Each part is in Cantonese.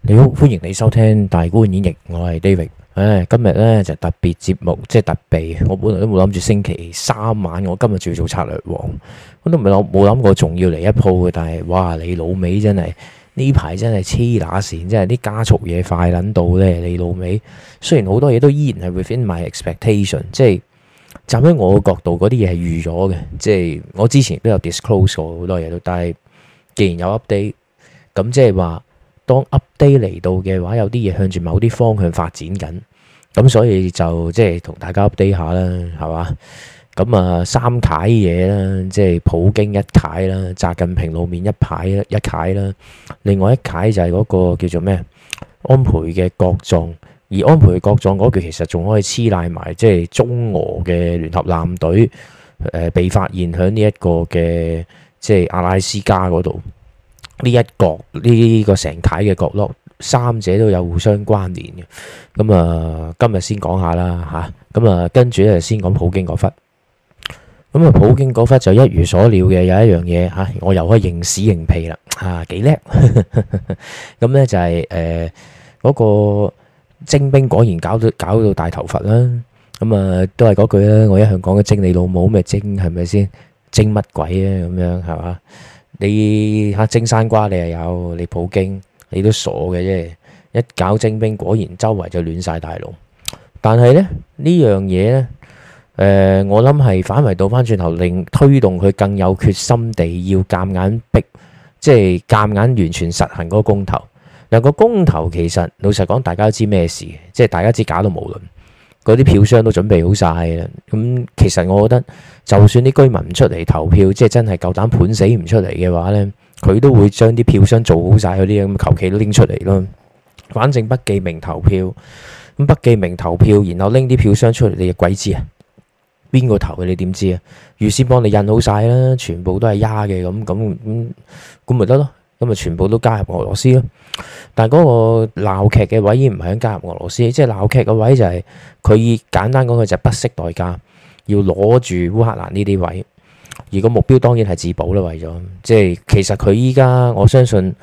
你好，歡迎你收聽大觀演繹，我係 David。誒，今日呢就是、特別節目，即係特備。我本來都冇諗住星期三晚，我今日就要做策略王，我都唔係我冇諗過仲要嚟一鋪嘅。但係哇，你老味真係呢排真係黐乸線，真係啲加速嘢快捻到呢。你老味雖然好多嘢都依然係 within my expectation，即係站喺我嘅角度，嗰啲嘢係預咗嘅。即係我之前都有 disclose 過好多嘢，都。但係既然有 update，咁即係話。當 update 嚟到嘅話，有啲嘢向住某啲方向發展緊，咁所以就即係同大家 update 下啦，係嘛？咁啊，三軌嘢啦，即係普京一軌啦，習近平露面一排一軌啦，另外一軌就係嗰個叫做咩？安倍嘅國葬，而安倍國葬嗰句其實仲可以黐賴埋，即係中俄嘅聯合艦隊誒被發現喺呢一個嘅即係阿拉斯加嗰度。呢一角呢、這個成體嘅角落，三者都有互相關聯嘅。咁啊，今日先講下啦吓。咁啊，跟住咧就先講普京嗰忽。咁啊，普京嗰忽就一如所料嘅，有一樣嘢吓、啊，我又可以認屎認屁啦，啊，幾叻。咁 呢就係誒嗰個徵兵果然搞到搞到大頭佛啦。咁啊，都係嗰句啦，我一向講嘅徵你老母咪徵，係咪先徵乜鬼啊咁樣，係嘛？你嚇徵山瓜你又有，你普京你都傻嘅啫，一搞徵兵果然周圍就亂曬大籠。但係咧呢樣嘢咧，誒我諗係反為倒翻轉頭，令推動佢更有決心地要夾硬逼，即係夾硬完全實行嗰個公投。但係個公投其實老實講，大家都知咩事，即係大家知搞到無論。嗰啲票箱都準備好曬啦。咁其實我覺得，就算啲居民唔出嚟投票，即係真係夠膽盤死唔出嚟嘅話呢，佢都會將啲票箱做好晒。嗰啲咁求其拎出嚟咯。反正不記名投票咁不記名投票，然後拎啲票箱出嚟，你鬼知啊？邊個投嘅你點知啊？預先幫你印好晒啦，全部都係丫嘅咁咁咁咁咪得咯。咁咪全部都加入俄羅斯咯。但係嗰個鬧劇嘅位已唔係喺加入俄羅斯，即係鬧劇嘅位就係、係、佢簡單講句就不惜代價要攞住烏克蘭呢啲位。而個目標當然係自保啦，為咗即係其實佢依家，我相信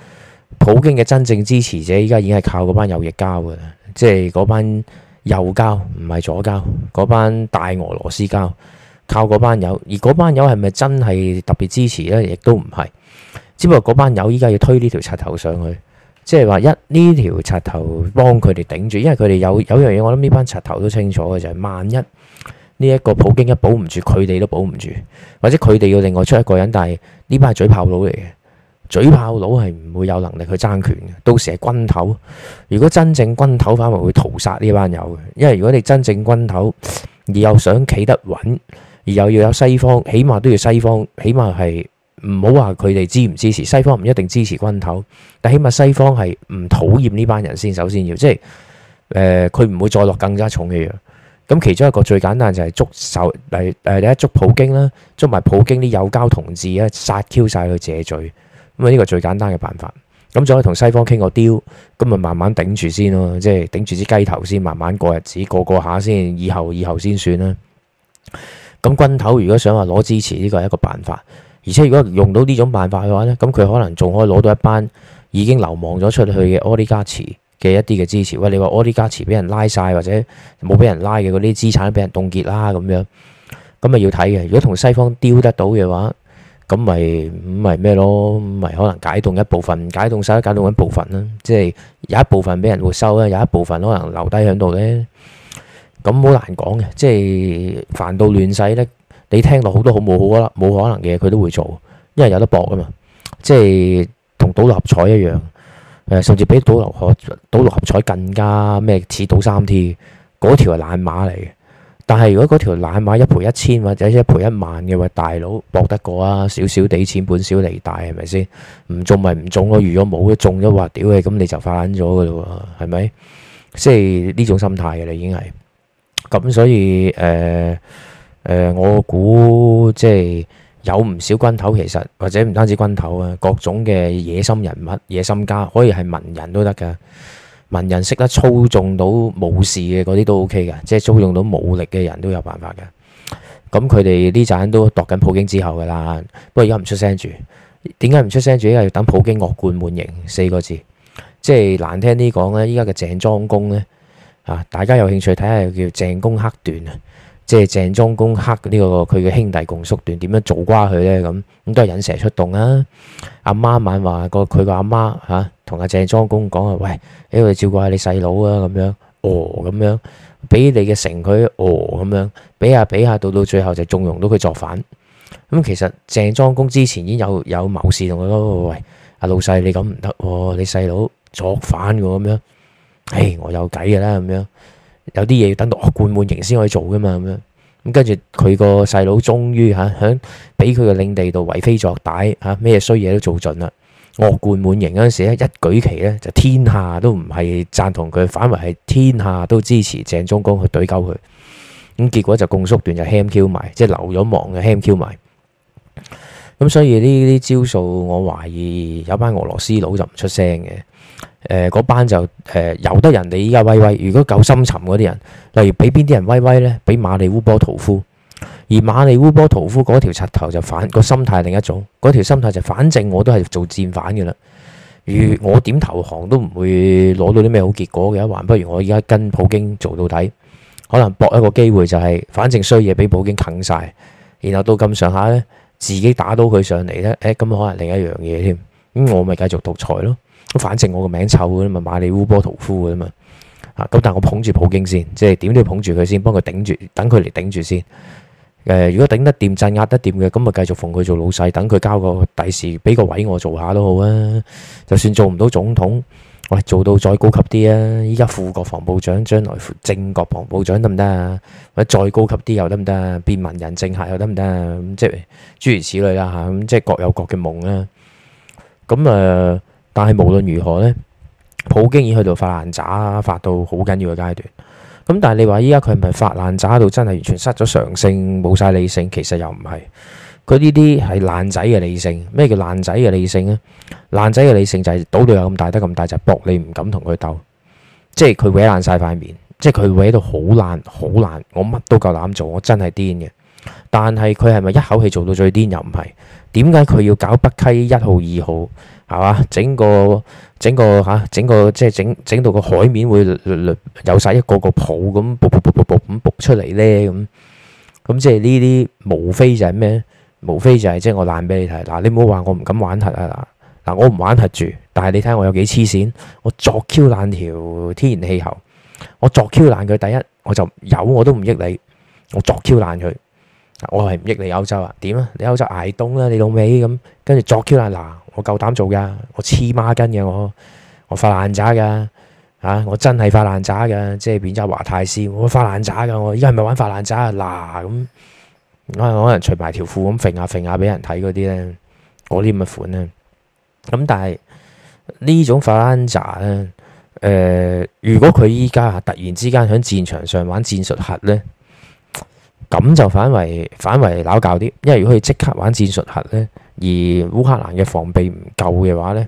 普京嘅真正支持者依家已經係靠嗰班右翼交嘅，即係嗰班右交唔係左交，嗰班大俄羅斯交，靠嗰班友。而嗰班友係咪真係特別支持呢？亦都唔係。只不過嗰班友依家要推呢條賊頭上去，即係話一呢條賊頭幫佢哋頂住，因為佢哋有有樣嘢，我諗呢班賊頭都清楚嘅就係，萬一呢一個普京一保唔住，佢哋都保唔住，或者佢哋要另外出一個人，但係呢班係嘴炮佬嚟嘅，嘴炮佬係唔會有能力去爭權嘅。到時係軍頭，如果真正軍頭反為會屠殺呢班友嘅，因為如果你真正軍頭而又想企得穩，而又要有西方，起碼都要西方，起碼係。唔好話佢哋支唔支持西方，唔一定支持軍頭，但起碼西方係唔討厭呢班人先。首先要即係佢唔會再落更加重嘅藥。咁其中一個最簡單就係捉手嚟誒，第一、啊、捉普京啦，捉埋普京啲有交同志啊，殺 Q 晒佢謝罪咁啊。呢個最簡單嘅辦法咁，就可以同西方傾個雕咁，咪慢慢頂住先咯。即係頂住支雞頭先，慢慢過日子，過過下先，以後以後先算啦。咁軍頭如果想話攞支持，呢個係一個辦法。而且如果用到呢種辦法嘅話呢，咁佢可能仲可以攞到一班已經流亡咗出去嘅奧利加治嘅一啲嘅支持。喂，你話奧利加治俾人拉晒，或者冇俾人拉嘅嗰啲資產俾人凍結啦，咁樣咁咪要睇嘅。如果同西方丟得到嘅話，咁咪唔係咩咯？咪、就是就是、可能解凍一部分，解凍晒解凍一部分啦。即係有一部分俾人回收啦，有一部分可能留低喺度咧。咁好難講嘅，即係煩到亂世呢。你聽到好多好冇好啦，冇可能嘅嘢佢都會做，因為有得搏啊嘛，即係同賭六合彩一樣，誒、呃，甚至比賭六合賭六合彩更加咩，似賭三 T 嗰條係冷馬嚟嘅。但係如果嗰條冷馬一賠一千或者一賠一萬嘅話，大佬搏得過啊？少少啲錢本少利大係咪先？唔中咪唔中咯，如果冇都中咗話，屌你咁你就發咗噶啦，係咪？即係呢種心態嘅啦，已經係咁，所以誒。呃誒、呃，我估即係有唔少軍頭，其實或者唔單止軍頭啊，各種嘅野心人物、野心家，可以係文人都得噶。文人識得操縱到武士嘅嗰啲都 OK 噶，即係操縱到武力嘅人都有辦法噶。咁佢哋呢盞都度緊普京之後噶啦，不過而家唔出聲住。點解唔出聲住？因為要等普京惡貫滿盈四個字，即係難聽啲講呢，依家嘅鄭莊公呢，啊，大家有興趣睇下叫《鄭公黑段》啊。即係鄭莊公黑呢、這個佢嘅兄弟共叔段，點樣做瓜佢呢？咁咁都係引蛇出洞啊！阿媽晚話個佢個阿媽吓，同阿鄭莊公講啊，喂，屌，我照顧下你細佬啊，咁樣哦，咁樣俾你嘅城佢哦，咁樣俾下俾下，到到最後就縱容到佢作反。咁、嗯、其實鄭莊公之前已經有有謀士，同佢講喂，阿老細你咁唔得，你細佬作反嘅，咁樣，唉，我有計噶啦，咁樣。有啲嘢要等到惡貫滿盈先可以做噶嘛。咁樣咁跟住佢個細佬終於嚇響俾佢嘅領地度為非作歹嚇，咩衰嘢都做盡啦，惡貫滿盈嗰陣時一舉旗咧就天下都唔係贊同佢，反為係天下都支持鄭莊公去對救佢，咁結果就共叔段就 hamq、是、埋，即係流咗亡嘅 hamq 埋，咁所以呢啲招數我懷疑有班俄羅斯佬就唔出聲嘅。誒嗰、呃、班就誒由、呃、得人哋依家威威，如果夠深沉嗰啲人，例如俾邊啲人威威呢？俾馬里烏波屠夫，而馬里烏波屠夫嗰條柒頭就反、個心態另一種，嗰條心態就反正我都係做戰犯嘅啦，如我點投降都唔會攞到啲咩好結果嘅，還不如我依家跟普京做到底，可能搏一個機會就係反正衰嘢俾普京啃晒，然後到咁上下咧，自己打到佢上嚟呢。誒咁可能另一樣嘢添，咁我咪繼續獨裁咯。反正我個名臭嘅嘛，咁咪馬里烏波屠夫嘅啫嘛。啊，咁但係我捧住普京先，即係點都要捧住佢先，幫佢頂住，等佢嚟頂住先。誒，如果頂得掂、鎮壓得掂嘅，咁咪繼續奉佢做老細，等佢交個第時俾個位我做下都好啊。就算做唔到總統，我做到再高級啲啊。依家副國防部長，將來正國防部長得唔得啊？或者再高級啲又得唔得？變文人政客又得唔得？咁即係諸如此類啦。吓，咁即係各有各嘅夢啦。咁誒。但係無論如何呢，普京已經去到發爛渣，發到好緊要嘅階段。咁但係你話依家佢係咪發爛渣到真係完全失咗常性，冇晒理性？其實又唔係，佢呢啲係爛仔嘅理性。咩叫爛仔嘅理性咧？爛仔嘅理性就係賭度有咁大得咁大，就搏你唔敢同佢鬥，即係佢搲爛晒塊面，即係佢搲到好爛好爛，我乜都夠膽做，我真係癲嘅。但係佢係咪一口氣做到最癲？又唔係，點解佢要搞北溪一號、二號係嘛 Sup abe.？整個整個嚇、啊、整個即係、就是、整整到個海面會有晒一個個泡咁，卜卜卜卜卜咁卜出嚟呢。咁咁即係呢啲無非就係咩咧？無非就係即係我爛俾、vale. 你睇嗱，你唔好話我唔敢玩核啊嗱，嗱我唔玩核住，但係你睇我有幾黐線，我作 q 爛條天然氣候，Bitte, Jadi, 我作 q 爛佢，第一我就有我都唔益你，我作 q 爛佢。我係唔益你歐洲啊？點啊？你歐洲挨冬啦，你老味。咁，跟住作 q 啦嗱，我夠膽做噶，我黐孖筋嘅我，我發爛渣噶吓，我真係發爛渣噶，即係變咗華泰師，我發爛渣噶，我依家係咪玩發爛渣啊？嗱咁，我可能除埋條褲咁揈下揈下俾人睇嗰啲咧，嗰啲咁嘅款咧，咁但係呢種發爛渣咧，誒、呃，如果佢依家突然之間喺戰場上玩戰術核咧？咁就反為反為拗教啲，因為如果佢即刻玩戰術核呢，而烏克蘭嘅防備唔夠嘅話呢，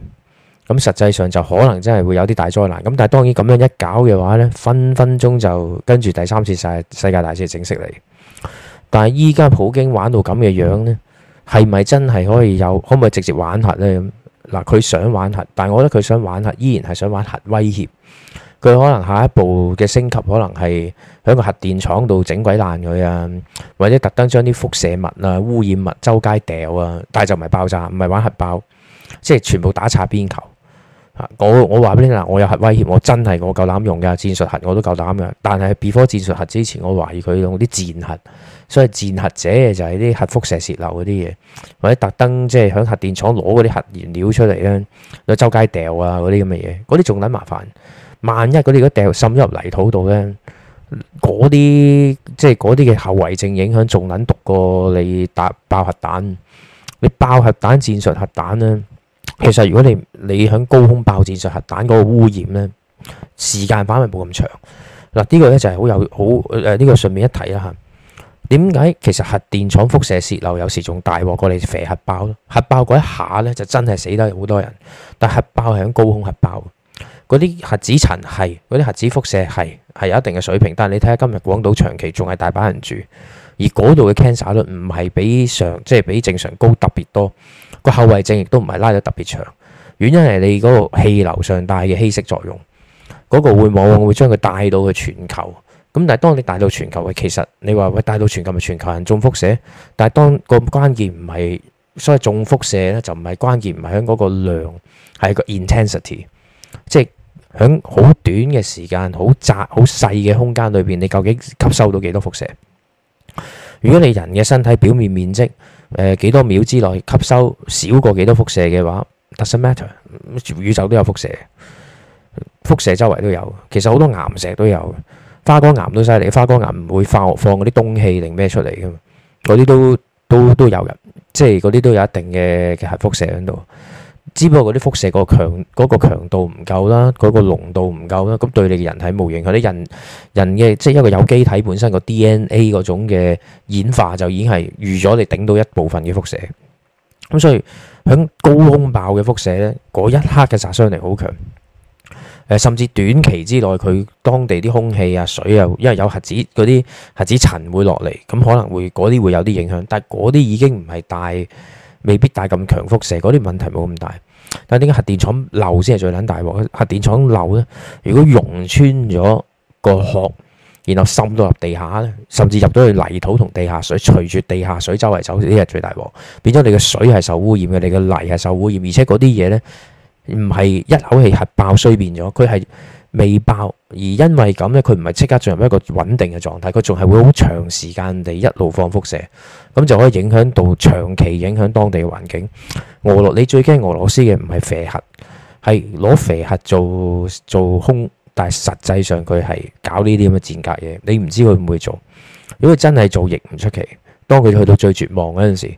咁實際上就可能真係會有啲大災難。咁但係當然咁樣一搞嘅話呢，分分鐘就跟住第三次世界大戰正式嚟。但係依家普京玩到咁嘅樣呢，係咪真係可以有？可唔可以直接玩核呢？嗱，佢想玩核，但係我覺得佢想玩核依然係想玩核威脅。佢可能下一步嘅升級，可能係喺個核電廠度整鬼爛佢啊，或者特登將啲輻射物啊、污染物周街掉啊。但係就唔係爆炸，唔係玩核爆，即係全部打擦邊球。我我話俾你聽，我有核威脅，我真係我夠膽用㗎，戰術核我都夠膽㗎。但係 B 貨戰術核之前，我懷疑佢用啲戰核，所以戰核者就係啲核輻射洩漏嗰啲嘢，或者特登即係喺核電廠攞嗰啲核燃料出嚟咧，就周街掉啊嗰啲咁嘅嘢，嗰啲仲撚麻煩。萬一嗰啲如果掉滲咗入泥土度呢，嗰啲即係嗰啲嘅後遺症影響仲撚毒過你打爆核彈。你爆核彈戰術核彈呢？其實如果你你響高空爆戰術核彈嗰個污染呢，時間反而冇咁長。嗱、啊，呢、呢個呢就係好有好誒呢個順便一提啦嚇。點、啊、解其實核電廠輻射洩漏流有時仲大鑊過你肥核爆？核爆嗰一下呢，就真係死得好多人，但核爆係響高空核爆。嗰啲核子塵係，嗰啲核子輻射係係有一定嘅水平。但係你睇下今日廣島長期仲係大把人住，而嗰度嘅 cancer 率唔係比常即係比正常高特別多。個後遺症亦都唔係拉得特別長。原因係你嗰個氣流上帶嘅稀釋作用，嗰個會往往會將佢帶到去全球。咁但係當你帶到全球嘅，其實你話喂帶到全球咪全球人中輻射？但係當個關鍵唔係，所謂中輻射咧就唔係關鍵，唔係喺嗰個量係個 intensity，即係。喺好短嘅時間、好窄、好細嘅空間裏邊，你究竟吸收到幾多輻射？如果你人嘅身體表面面積，誒、呃、幾多秒之內吸收少過幾多輻射嘅話，doesn't matter。宇宙都有輻射，輻射周圍都有。其實好多岩石都有，花崗岩都犀利，花崗岩唔會化學放嗰啲氡氣定咩出嚟嘅嘛？嗰啲都都都有人，即係嗰啲都有一定嘅核輻射喺度。只不過嗰啲輻射個強嗰個強度唔夠啦，嗰個濃度唔夠啦，咁對你嘅人體冇影響。你人人嘅即係一個有機體本身個 DNA 嗰種嘅演化就已經係預咗你頂到一部分嘅輻射。咁所以響高空爆嘅輻射咧，嗰一刻嘅殺傷力好強。誒，甚至短期之內佢當地啲空氣啊、水啊，因為有核子嗰啲核子塵會落嚟，咁可能會嗰啲會有啲影響。但係嗰啲已經唔係大，未必帶咁強輻射，嗰啲問題冇咁大。但係點解核電廠漏先係最捻大鑊？核電廠漏咧，如果溶穿咗個殼，然後滲到入地下咧，甚至入到去泥土同地下水，隨住地下水周圍走，呢啲係最大鑊。變咗你嘅水係受污染嘅，你嘅泥係受污染，而且嗰啲嘢，咧唔係一口氣核爆衰變咗，佢係。未爆，而因為咁呢，佢唔係即刻進入一個穩定嘅狀態，佢仲係會好長時間地一路放輻射，咁就可以影響到長期影響當地嘅環境。俄羅，你最驚俄羅斯嘅唔係肥核，係攞肥核做做空，但係實際上佢係搞呢啲咁嘅賤格嘢，你唔知佢會唔會做。如果真係做，亦唔出奇。當佢去到最絕望嗰陣時，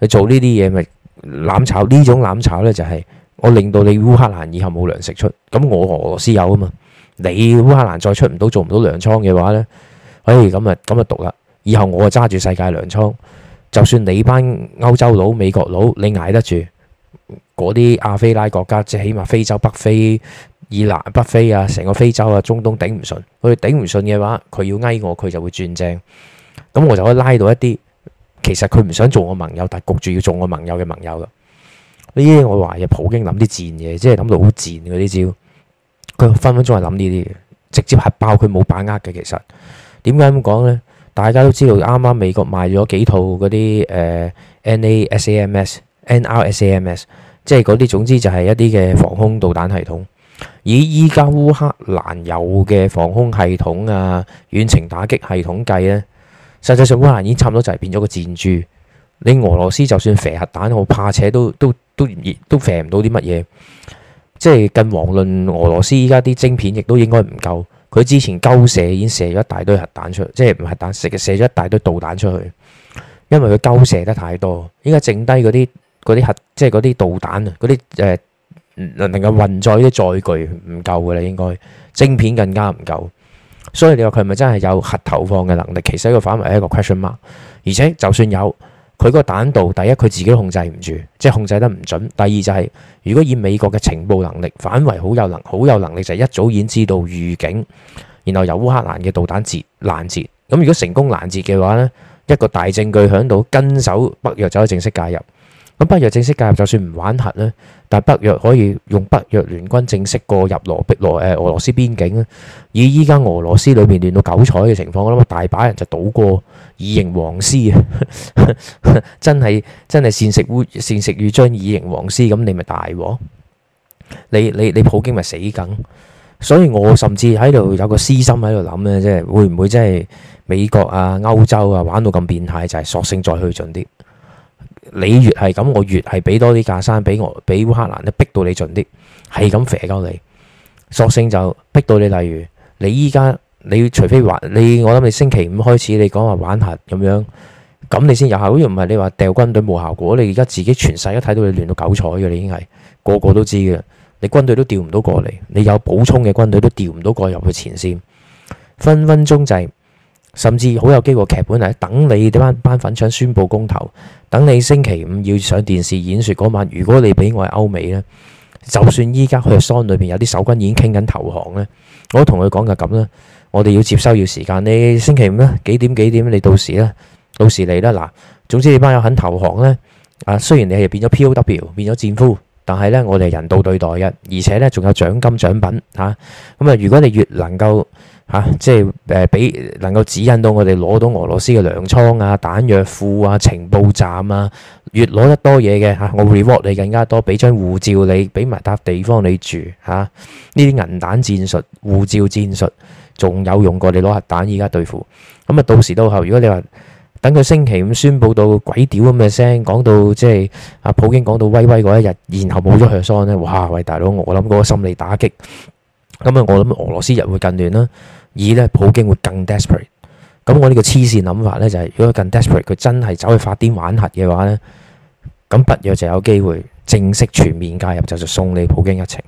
佢做呢啲嘢咪攬炒，呢種攬炒呢就係、是。我令到你烏克蘭以後冇糧食出，咁我俄羅斯有啊嘛？你烏克蘭再出唔到，做唔到糧倉嘅話呢？哎，咁啊，咁啊，獨啦！以後我就揸住世界糧倉，就算你班歐洲佬、美國佬，你捱得住嗰啲亞非拉國家，即起碼非洲北非、以南北非啊，成個非洲啊、中東頂唔順，佢頂唔順嘅話，佢要蝦我，佢就會轉正，咁我就可以拉到一啲其實佢唔想做我盟友，但係焗住要做我盟友嘅盟友啦。呢啲我懷疑普京諗啲賤嘢，即係諗到好賤嗰啲招，佢分分鐘係諗呢啲直接核爆佢冇把握嘅。其實點解咁講呢？大家都知道啱啱美國賣咗幾套嗰啲 NASAMS、呃、NRSAMS，即係嗰啲總之就係一啲嘅防空導彈系統。以依家烏克蘭有嘅防空系統啊、遠程打擊系統計呢，實際上烏克蘭已經差唔多就係變咗個箭豬。你俄羅斯就算射核彈，我怕扯都都都都射唔到啲乜嘢，即係更遑論俄羅斯依家啲晶片亦都應該唔夠。佢之前鳩射已經射咗一大堆核彈出去，即係唔係核彈，射咗一大堆導彈出去，因為佢鳩射得太多。依家剩低嗰啲啲核即係啲導彈啊，嗰啲誒能夠運載啲載具唔夠㗎啦，應該，應該晶片更加唔夠，所以你話佢係咪真係有核投放嘅能力？其實呢個反為係一個 question mark。而且就算有。佢個彈道，第一佢自己控制唔住，即係控制得唔準。第二就係、是，如果以美國嘅情報能力，反為好有能好有能力，能力就一早已經知道預警，然後由烏克蘭嘅導彈截攔截。咁如果成功攔截嘅話咧，一個大證據喺度，跟手北約就可以正式介入。咁北約正式介入，就算唔玩核咧，但北約可以用北約聯軍正式過入羅碧羅誒俄羅斯邊境咧。以依家俄羅斯裏面亂到九彩嘅情況啦，我諗大把人就倒過以迎王師啊！真係真係簞食壺，簞食壺漿將以迎王師，咁你咪大鑊。你你，你普京咪死梗。所以我甚至喺度有個私心喺度諗咧，即係會唔會真係美國啊、歐洲啊玩到咁變態，就係、是、索性再去盡啲。你越係咁，我越係俾多啲架生俾我俾烏克蘭咧，逼到你盡啲，係咁肥鳩你。索性就逼到你，例如你依家你除非話你，我諗你星期五開始你講話玩核咁樣，咁你先有效。如果唔係你話掉軍隊冇效果，你而家自己全世界一睇到你亂到九彩嘅，你已經係個個都知嘅。你軍隊都調唔到過嚟，你有補充嘅軍隊都調唔到過入去前線，分分鐘就係。甚至好有機會劇本嚟，等你啲班班粉腸宣布公投，等你星期五要上電視演說嗰晚。如果你俾我係歐美咧，就算依家去沙裏邊有啲守軍已經傾緊投降咧，我都同佢講就咁啦。我哋要接收要時間，你星期五啦，幾點幾點你到時啦，到時嚟啦。嗱，總之你班友肯投降咧，啊雖然你係變咗 POW 變咗戰俘，但係咧我哋係人道對待嘅，而且咧仲有獎金獎品吓。咁啊、嗯，如果你越能夠。吓、啊，即係誒，俾能夠指引到我哋攞到俄羅斯嘅糧倉啊、彈藥庫啊、情報站啊，越攞得多嘢嘅吓，我 reward 你更加多，俾張護照你，俾埋笪地方你住吓。呢啲銀彈戰術、護照戰術仲有用過你攞核彈依家對付。咁啊，到時到候，如果你話等佢星期五宣布到鬼屌咁嘅聲，講到即係阿、啊、普京講到威威嗰一日，然後冇咗核傷咧，哇！喂大佬，我諗嗰個心理打擊。咁啊、嗯！我諗俄羅斯人會更亂啦，以咧普京會更 desperate。咁、嗯、我呢個黐線諗法咧就係、是，如果佢更 desperate，佢真係走去發癲玩核嘅話咧，咁北約就有機會正式全面介入，就就送你普京一程。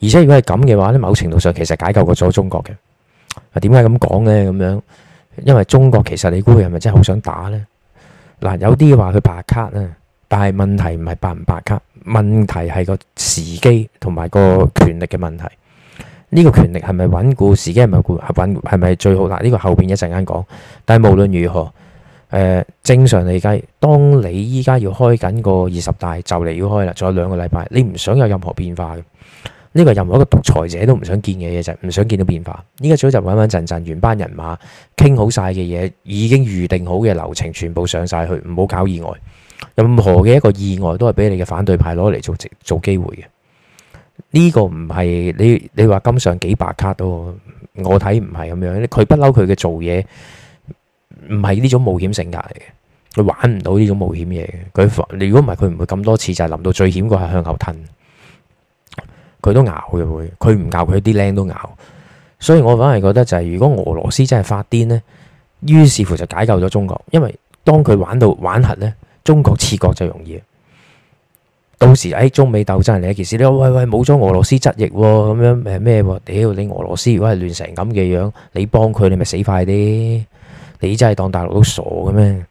而且如果係咁嘅話咧，某程度上其實解救過咗中國嘅。啊，點解咁講咧？咁樣，因為中國其實你估佢係咪真係好想打咧？嗱、嗯，有啲話佢白卡啊，但係問題唔係白唔白卡，問題係個時機同埋個權力嘅問題。呢個權力係咪穩固？時間係咪穩係咪最好嗱？呢、這個後邊一陣間講。但係無論如何，誒、呃、正常嚟計，當你依家要開緊個二十大就嚟要開啦，仲有兩個禮拜，你唔想有任何變化嘅。呢、這個任何一個獨裁者都唔想見嘅嘢就係唔想見到變化。依家最好就穩穩陣陣，原班人馬傾好晒嘅嘢，已經預定好嘅流程全部上晒去，唔好搞意外。任何嘅一個意外都係俾你嘅反對派攞嚟做做機會嘅。呢個唔係你你話今上幾百卡咯，我睇唔係咁樣。佢不嬲佢嘅做嘢，唔係呢種冒險性格嚟嘅。佢玩唔到呢種冒險嘢嘅。佢，如果唔係，佢唔會咁多次就係、臨到最險個係向後吞。佢都咬嘅會，佢唔咬佢啲靚都咬。所以我反而覺得就係、是，如果俄羅斯真係發癲呢，於是乎就解救咗中國，因為當佢玩到玩核呢，中國次國就容易。到時喺、哎、中美鬥爭嚟一件事，你話喂喂，冇咗俄羅斯質液喎、啊，咁樣咩屌你，你俄羅斯如果係亂成咁嘅樣，樣，你幫佢你咪死快啲！你真係當大陸都傻嘅咩？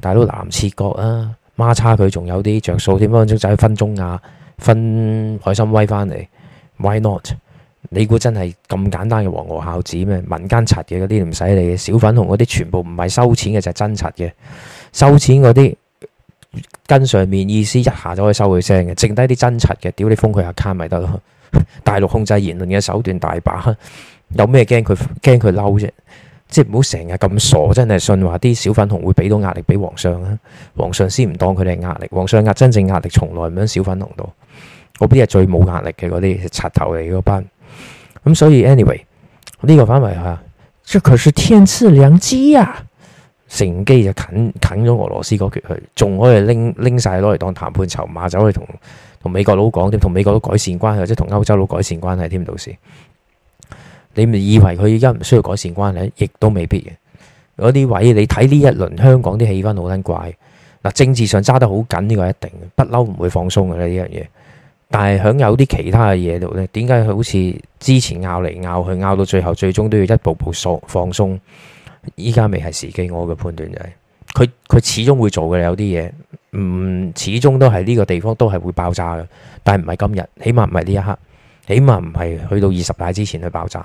大佬南切角啊，孖叉佢仲有啲着數添，幫啲仔分中亞、分海參崴返嚟，Why not？你估真係咁簡單嘅黃俄孝子咩？民間賊嘅嗰啲唔使理，小粉紅嗰啲全部唔係收錢嘅，就係、是、真賊嘅，收錢嗰啲。跟上面意思一下就可以收佢聲嘅，剩低啲真賊嘅，屌你封佢下卡咪得咯！大陸控制言論嘅手段大把，有咩驚佢驚佢嬲？啫即係唔好成日咁傻，真係信話啲小粉紅會俾到壓力俾皇上啊！皇上先唔當佢哋係壓力，皇上壓真正壓力從來唔響小粉紅度，嗰邊係最冇壓力嘅，嗰啲係賊頭嚟，嗰班。咁所以 anyway 呢個範圍吓，即佢係天賜良機啊。乘機就啃啃咗俄羅斯嗰橛佢，仲可以拎拎晒攞嚟當談判籌碼，走去同同美國佬講，點同美國佬改善關係，即係同歐洲佬改善關係添。到時你咪以為佢依家唔需要改善關係，亦都未必嘅。嗰啲位你睇呢一輪香港啲氣氛好撚怪，嗱，政治上揸得好緊呢個一定，一不嬲唔會放鬆嘅呢呢樣嘢。但係喺有啲其他嘅嘢度呢，點解佢好似之前拗嚟拗去，拗到最後最終都要一步步放鬆？依家未係時機，我嘅判斷就係佢佢始終會做嘅，有啲嘢唔始終都係呢個地方都係會爆炸嘅，但係唔係今日，起碼唔係呢一刻，起碼唔係去到二十大之前去爆炸。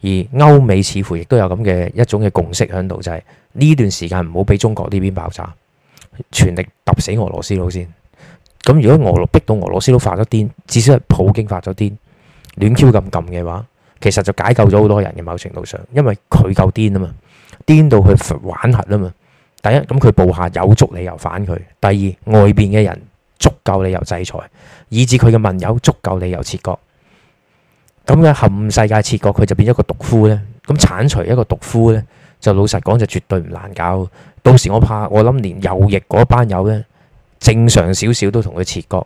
而歐美似乎亦都有咁嘅一種嘅共識喺度，就係、是、呢段時間唔好俾中國呢邊爆炸，全力揼死俄羅斯佬先。咁如果俄羅逼到俄羅斯佬發咗癲，至少係普京發咗癲，亂 Q 咁撳嘅話。其實就解救咗好多人嘅，某程度上，因為佢夠癲啊嘛，癲到佢玩核啊嘛。第一，咁佢部下有足理由反佢；第二，外邊嘅人足夠理由制裁，以致佢嘅盟友足夠理由切割。咁嘅冚世界切割，佢就變咗個獨夫呢。咁剷除一個獨夫呢，就老實講就絕對唔難搞。到時我怕我諗連右翼嗰班友呢，正常少少都同佢切割。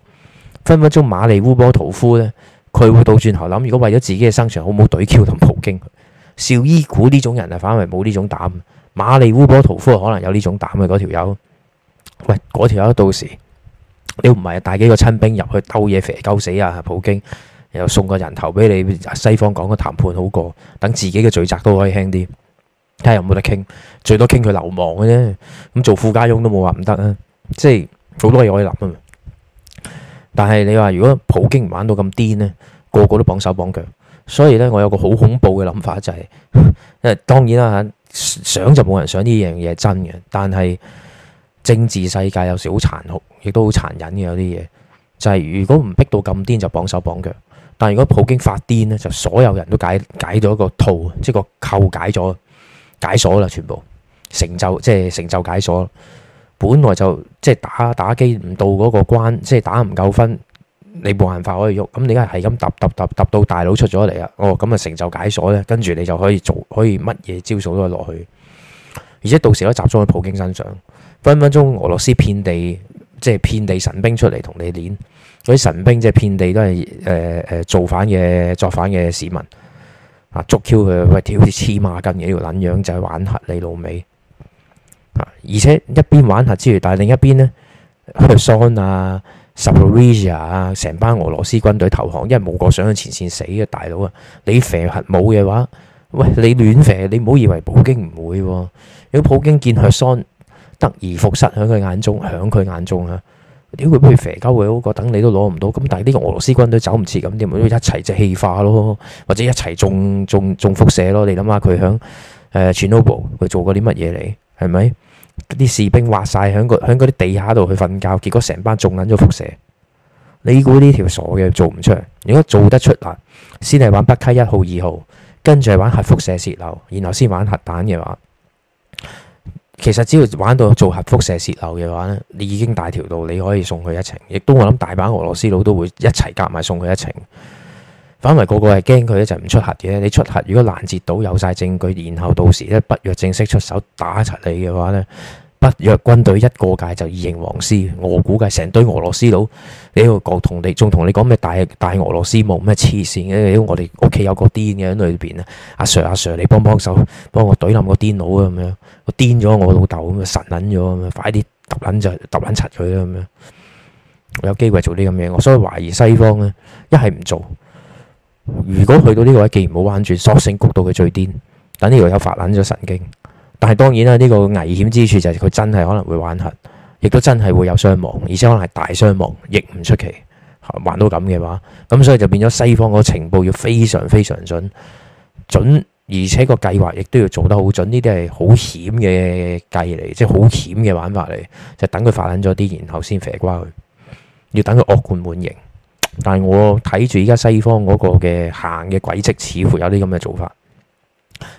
分分鐘馬利烏波屠夫呢。佢會倒轉頭諗，如果為咗自己嘅生存，好唔好對飆同普京？少伊古呢種人啊，反而冇呢種膽。馬利烏波屠夫可能有呢種膽嘅嗰條友。喂，嗰條友到時，你唔係帶幾個親兵入去兜嘢，肥鳩死啊！普京又送個人頭俾你，西方講個談判好過，等自己嘅罪責都可以輕啲。睇下有冇得傾，最多傾佢流亡嘅啫。咁做富家翁都冇話唔得啊！即係好多嘢可以諗啊！但係你話如果普京唔玩到咁癲呢，個個都綁手綁腳，所以咧我有個好恐怖嘅諗法就係、是，因 為當然啦想就冇人想呢樣嘢係真嘅。但係政治世界有時好殘酷，亦都好殘忍嘅有啲嘢就係、是、如果唔逼到咁癲就綁手綁腳，但係如果普京發癲呢，就所有人都解解咗個套，即係個扣解咗解鎖啦，全部成就即係成就解鎖。本來就即係、就是、打打機唔到嗰個關，即、就、係、是、打唔夠分，你冇辦法可以喐。咁你而家係咁揼揼揼揼到大佬出咗嚟啊！哦，咁啊成就解鎖咧，跟住你就可以做，可以乜嘢招數都可落去。而且到時可集中喺普京身上，分分鐘俄羅斯遍地即係、就是、遍地神兵出嚟同你練。嗰啲神兵即係遍地都係誒誒造反嘅作反嘅市民啊，捉 Q 佢喂，跳啲黐孖筋嘅條撚樣就是、玩黑你老味。而且一邊玩下之餘，但係另一邊呢 s 赫 n 啊、薩拉維亞啊，成班俄羅斯軍隊投降，因為冇個想喺前線死嘅大佬啊。你肥核武嘅話，喂，你亂肥，你唔好以為普京唔會、啊。如果普京見赫 n 得意復失喺佢眼中，響佢眼中啊，屌佢不如肥鳩佢好過，等你都攞唔到。咁但呢啲俄羅斯軍隊走唔切咁點？因一齊就氣化咯，或者一齊中中中，中輻射咯。你諗下佢響誒全俄部佢做過啲乜嘢嚟？係咪？啲士兵挖晒響個響嗰啲地下度去瞓覺，結果成班中撚咗輻射。你估呢條傻嘅做唔出？如果做得出啦，先係玩北溪一號、二號，跟住係玩核輻射洩漏，然後先玩核彈嘅話，其實只要玩到做核輻射洩漏嘅話咧，你已經大條道，你可以送佢一程。亦都我諗大班俄羅斯佬都會一齊夾埋送佢一程。反為個個係驚佢咧，就唔出核嘅。你出核如果攔截到有晒證據，然後到時咧北約正式出手打柒你嘅話咧，北約軍隊一過界就二形亡屍。我估計成堆俄羅斯佬，你喺度同你仲同你講咩大大俄羅斯冇咩黐線嘅。我哋屋企有個癲嘅喺裏邊啊，阿 Sir 阿 Sir，你幫幫手幫我懟冧個癲佬啊，咁樣我癲咗我老豆咁神撚咗咁樣，快啲揼撚就揼撚柒佢啦咁樣。我有機會做啲咁嘢，我所以懷疑西方咧一係唔做。如果去到呢個位，既然冇玩住索性焗到佢最癲，等呢個有發冷咗神經。但係當然啦，呢、呢個危險之處就係佢真係可能會玩核，亦都真係會有傷亡，而且可能係大傷亡，亦唔出奇。玩到咁嘅話，咁所以就變咗西方嗰個情報要非常非常準，準而且個計劃亦都要做得好準。呢啲係好險嘅計嚟，即係好險嘅玩法嚟，就係、等佢發冷咗啲，然後先肥瓜佢，要等佢惡貫滿盈。但係我睇住而家西方嗰個嘅行嘅軌跡，似乎有啲咁嘅做法，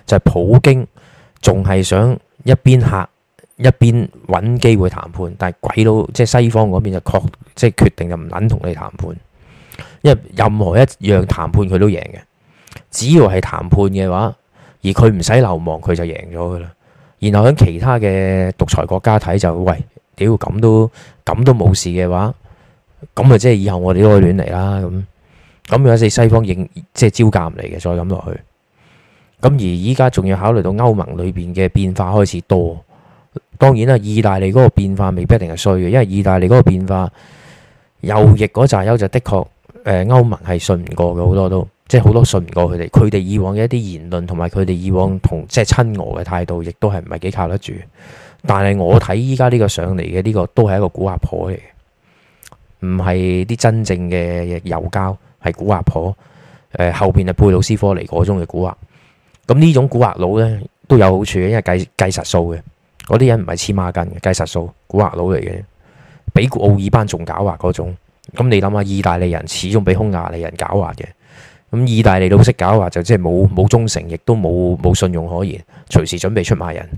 就係普京仲係想一邊吓一邊揾機會談判，但係鬼佬即係西方嗰邊就確即係決定就唔捻同你談判，因為任何一樣談判佢都贏嘅，只要係談判嘅話，而佢唔使流亡佢就贏咗噶啦。然後喺其他嘅獨裁國家睇就喂，屌咁都咁都冇事嘅話。咁啊，即係以後我哋都可以亂嚟啦。咁咁，有時西方應即係招架唔嚟嘅，再咁落去。咁而依家仲要考慮到歐盟裏邊嘅變化開始多，當然啦，意大利嗰個變化未必一定係衰嘅，因為意大利嗰個變化右翼嗰陣有就的確，誒，歐盟係信唔過嘅好多都，即係好多信唔過佢哋。佢哋以往嘅一啲言論同埋佢哋以往同即係親俄嘅態度，亦都係唔係幾靠得住。但係我睇依家呢個上嚟嘅呢個都係一個古惑婆嚟嘅。唔係啲真正嘅油膠，係古惑婆，誒、呃、後邊係貝魯斯科尼嗰種嘅古惑。咁、嗯、呢種古惑佬呢，都有好處，因為計計實數嘅，嗰啲人唔係黐孖筋嘅，計實數，計實數古惑佬嚟嘅，比奧爾班仲狡猾嗰種。咁、嗯、你諗下，意大利人始終比匈牙利人狡猾嘅。咁、嗯、意大利佬識狡猾就即係冇冇忠誠，亦都冇冇信用可言，隨時準備出賣人。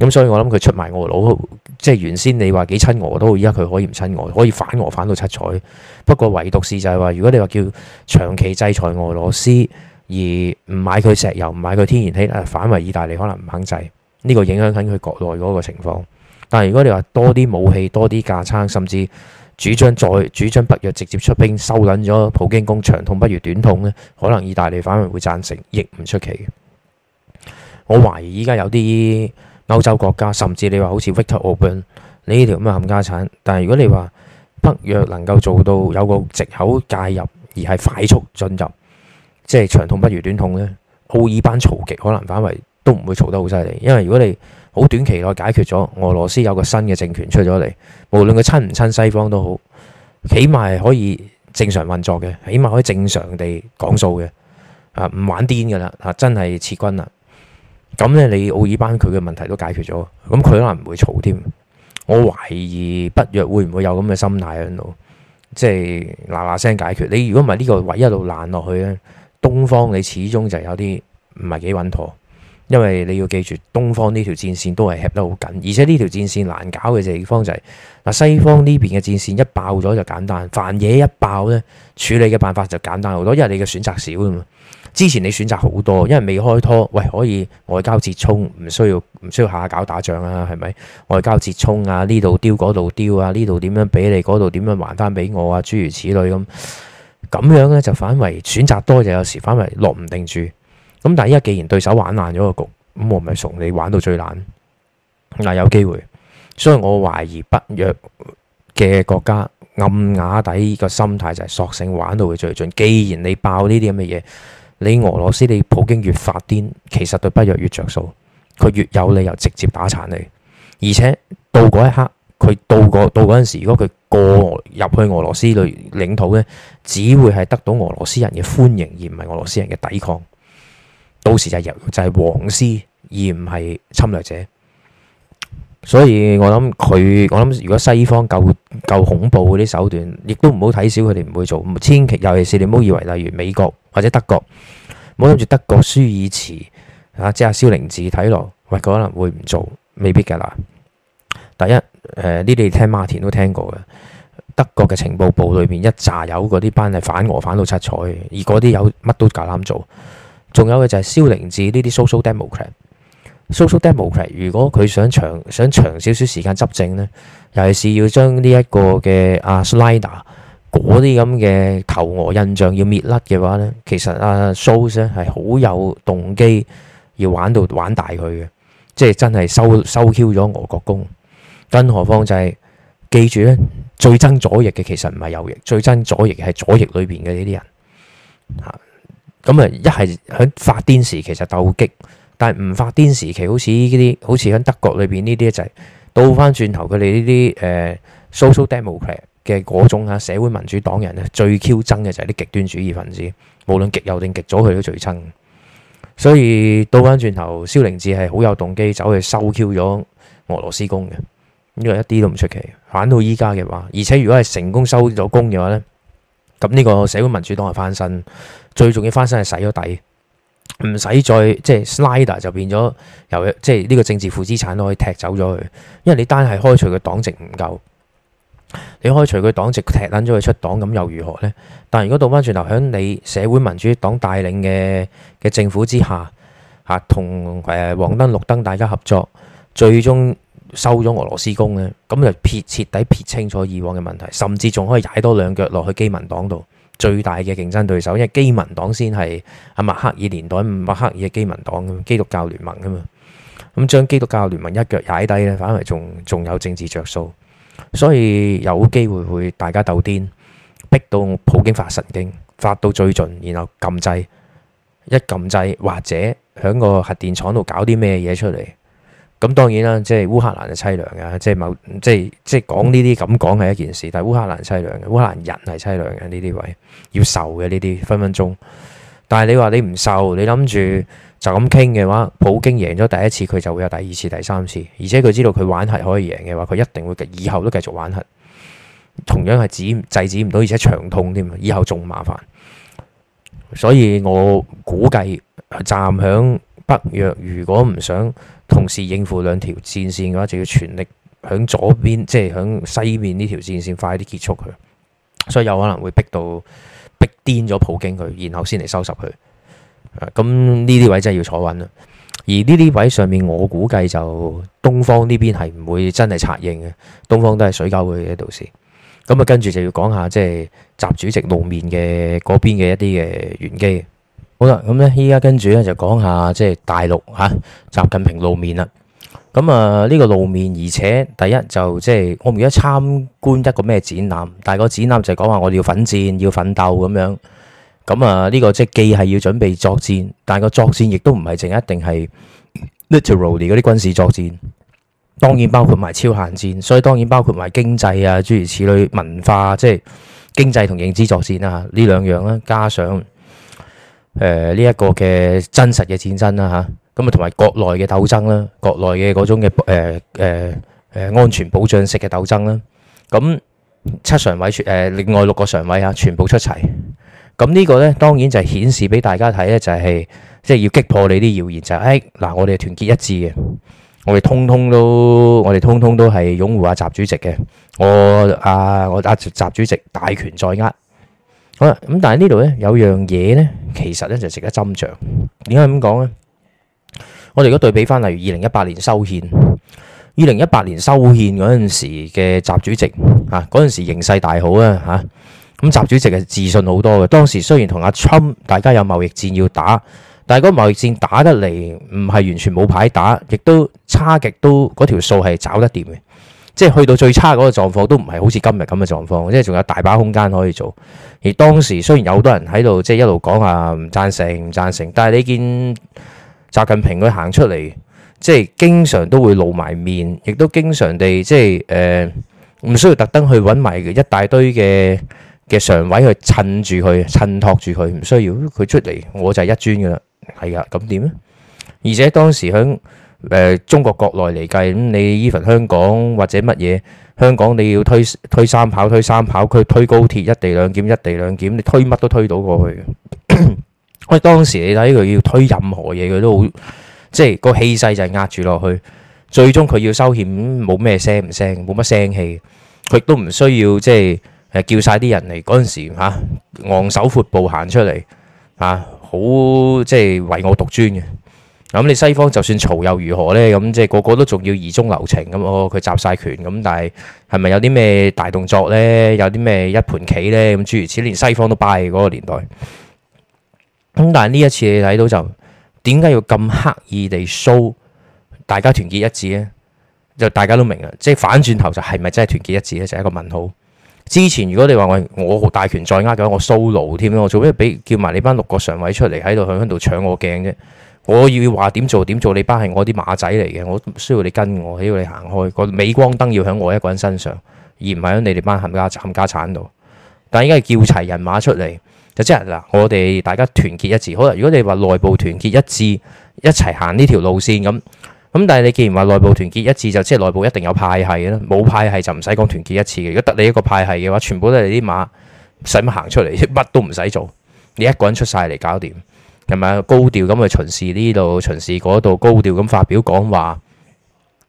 咁所以，我諗佢出埋俄佬，即係原先你話幾親俄都，依家佢可以唔親俄，可以反俄反到七彩。不過，唯獨是就係話，如果你話叫長期制裁俄羅斯而唔買佢石油、唔買佢天然氣，反為意大利可能唔肯制，呢個影響緊佢國內嗰個情況。但係如果你話多啲武器、多啲架撐，甚至主張再主張北約直接出兵收撚咗普京宮，長痛不如短痛呢，可能意大利反而會贊成，亦唔出奇嘅。我懷疑依家有啲。歐洲國家，甚至你話好似 Viktor Orban 你呢條咩冚家產，但係如果你話北約能夠做到有個藉口介入而係快速進入，即係長痛不如短痛呢，奧爾班嘈極可能反為都唔會嘈得好犀利，因為如果你好短期內解決咗俄羅斯有個新嘅政權出咗嚟，無論佢親唔親西方都好，起碼係可以正常運作嘅，起碼可以正常地講數嘅，唔玩癲㗎啦，啊真係撤軍啦！咁咧，你奧爾班佢嘅問題都解決咗，咁佢可能唔會吵添。我懷疑北約會唔會有咁嘅心態喺度，即係嗱嗱聲解決。你如果唔係呢個位一路爛落去咧，東方你始終就有啲唔係幾穩妥，因為你要記住東方呢條戰線都係吃得好緊，而且呢條戰線難搞嘅地方就係嗱，西方呢邊嘅戰線一爆咗就簡單，凡嘢一爆呢，處理嘅辦法就簡單好多，因為你嘅選擇少啊嘛。之前你選擇好多，因為未開拖，喂可以外交折衝，唔需要唔需要下下搞打仗啊？係咪外交折衝啊？呢度丟嗰度丟啊？呢度點樣俾你，嗰度點樣還翻俾我啊？諸如此類咁咁樣呢，就反為選擇多，就有時反為落唔定住。咁但係依家既然對手玩爛咗個局，咁我咪從你玩到最爛嗱，有機會。所以我懷疑北約嘅國家暗啞底個心態就係索性玩到佢最盡。既然你爆呢啲咁嘅嘢。你俄羅斯你普京越發癲，其實對北約越着數，佢越有理由直接打殘你。而且到嗰一刻，佢到嗰到嗰陣時，如果佢過入去俄羅斯嘅領土呢，只會係得到俄羅斯人嘅歡迎，而唔係俄羅斯人嘅抵抗。到時就由就係王師，而唔係侵略者。所以我諗佢，我諗如果西方夠夠恐怖嗰啲手段，亦都唔好睇小佢哋唔會做，千祈尤其是你唔好以為，例如美國或者德國，唔好諗住德國舒爾茨，啊即係蕭玲子睇落，喂佢可能會唔做，未必噶嗱。第一誒，呢、呃、啲你聽馬田都聽過嘅，德國嘅情報部裏面一紮有嗰啲班係反俄反到七彩，而嗰啲有乜都夠膽做，仲有嘅就係蕭玲子呢啲 social democrat。Social Democrat 如果佢想長想長少少時間執政呢，尤其是要將呢一個嘅阿 s l a d a 嗰啲咁嘅仇俄印象要滅甩嘅話呢，其實阿 s o u c e 係好有動機要玩到玩大佢嘅，即係真係收收 Q 咗俄國工。更何況就係、是、記住呢，最憎左翼嘅其實唔係右翼，最憎左翼係左翼裏邊嘅呢啲人嚇。咁啊，一係喺發癲時其實鬥擊。但係唔發癲時期，好似呢啲，好似喺德國裏邊呢啲就係倒翻轉頭，佢哋呢啲誒，social democrat 嘅嗰種啊，社會民主黨人咧最 q 憎嘅就係啲極端主義分子，無論極右定極左，佢都最憎。所以倒翻轉頭，蕭凌志係好有動機走去收 Q 咗俄羅斯工嘅，呢個一啲都唔出奇。反到依家嘅話，而且如果係成功收咗工嘅話呢，咁呢個社會民主黨係翻身，最重要翻身係洗咗底。唔使再即係 slider 就變咗由即係呢個政治負資產都可以踢走咗佢，因為你單係開除佢黨籍唔夠，你開除佢黨籍踢撚咗佢出黨，咁又如何咧？但如果倒翻轉頭，響你社會民主黨帶領嘅嘅政府之下，同黃燈綠燈大家合作，最終收咗俄羅斯工嘅，咁就撇徹底撇清楚以往嘅問題，甚至仲可以踩多兩腳落去基民黨度。最大嘅競爭對手，因為基民黨先係阿默克爾年代默克爾嘅基民黨，基督教聯盟㗎嘛，咁將基督教聯盟一腳踩低咧，反而仲仲有政治着數，所以有機會會大家鬥癲，逼到普京發神經，發到最盡，然後撳掣，一撳掣或者喺個核電廠度搞啲咩嘢出嚟。咁當然啦，即係烏克蘭係淒涼嘅，即係某即係即係講呢啲咁講係一件事，但係烏克蘭係淒涼嘅，烏克蘭人係淒涼嘅，呢啲位要受嘅呢啲分分鐘。但係你話你唔受，你諗住就咁傾嘅話，普京贏咗第一次佢就會有第二次、第三次，而且佢知道佢玩核可以贏嘅話，佢一定會以後都繼續玩核。同樣係止制止唔到，而且長痛添啊，以後仲麻煩。所以我估計站喺北約，如果唔想同時應付兩條戰線嘅話，就要全力向左邊，即係向西面呢條戰線快啲結束佢，所以有可能會逼到逼癲咗普京佢，然後先嚟收拾佢。咁呢啲位真係要坐穩啦。而呢啲位上面，我估計就東方呢邊係唔會真係策應嘅，東方都係水救佢嘅導師。咁啊，跟住就要講下即係習主席露面嘅嗰邊嘅一啲嘅玄機。好啦，咁咧依家跟住咧就講下即係大陸吓，習近平露面啦。咁啊呢個露面，而且第一就即係我唔記得參觀一個咩展覽，但係個展覽就係講話我哋要奮戰、要奮鬥咁樣。咁啊呢個即係既係要準備作戰，但係個作戰亦都唔係淨一定係 literally 嗰啲軍事作戰，當然包括埋超限戰，所以當然包括埋經濟啊諸如此類文化即係經濟同認知作戰啊呢兩樣啦，加上。誒，呢一、呃這個嘅真實嘅戰爭啦吓，咁啊同埋國內嘅鬥爭啦，國內嘅嗰種嘅誒誒誒安全保障式嘅鬥爭啦，咁、嗯、七常委誒、呃、另外六個常委啊全部出齊，咁、嗯、這個、呢個咧當然就係顯示俾大家睇咧就係即係要擊破你啲謠言就係、是，嗱、哎、我哋係團結一致嘅，我哋通通都我哋通通都係擁護阿習主席嘅，我啊我阿習主席大權在握。好啦，咁但係呢度咧有樣嘢咧，其實咧就值得斟酌。點解咁講咧？我哋如果對比翻，例如二零一八年修憲，二零一八年修憲嗰陣時嘅習主席，啊，嗰陣時形勢大好啦，吓，咁習主席係自信好多嘅。當時雖然同阿侵大家有貿易戰要打，但係嗰貿易戰打得嚟唔係完全冇牌打，亦都差極都嗰條數係找得掂嘅。即係去到最差嗰個狀況都唔係好似今日咁嘅狀況，即係仲有大把空間可以做。而當時雖然有好多人喺度，即係一路講啊唔贊成唔贊成，但係你見習近平佢行出嚟，即係經常都會露埋面，亦都經常地即係誒唔需要特登去揾埋一大堆嘅嘅常委去襯住佢、襯托住佢，唔需要佢出嚟，我就係一尊㗎喇。係啊，咁點呢？而且當時響。誒、呃、中國國內嚟計，咁你 even 香港或者乜嘢香港，香港你要推推三跑、推三跑區、推高鐵，一地兩檢、一地兩檢，你推乜都推到過去。因為 當時你睇佢要推任何嘢，佢都、這個聲聲啊啊、好，即係個氣勢就係壓住落去，最終佢要收險，冇咩聲唔聲，冇乜聲氣，佢都唔需要即係誒叫晒啲人嚟嗰陣時昂首闊步行出嚟啊，好即係唯我獨尊嘅。咁你西方就算嘈又如何呢？咁即係個個都仲要義中留情咁哦。佢集晒權咁，但係係咪有啲咩大動作呢？有啲咩一盤棋呢？咁諸如此連西方都拜嗰、那個年代咁，但係呢一次你睇到就點解要咁刻意地 show 大家團結一致呢？就大家都明啦，即係反轉頭就係咪真係團結一致呢？就係、一個問號。之前如果你話我我大權在握嘅話，我 solo 添我做咩俾叫埋你班六個常委出嚟喺度喺度搶我鏡啫？我要話點做點做，你班係我啲馬仔嚟嘅，我唔需要你跟我，需要你行開。個尾光燈要響我一個人身上，而唔係響你哋班冚家冚家鏟度。但係依家叫齊人馬出嚟，就即係嗱，我哋大家團結一致。好啦，如果你話內部團結一致，一齊行呢條路線咁，咁但係你既然話內部團結一致，就即係內部一定有派系嘅啦。冇派系就唔使講團結一致嘅。如果得你一個派系嘅話，全部都係你啲馬，使乜行出嚟，乜都唔使做，你一個人出晒嚟搞掂。係咪高調咁去巡視呢度、巡視嗰度，高調咁發表講話，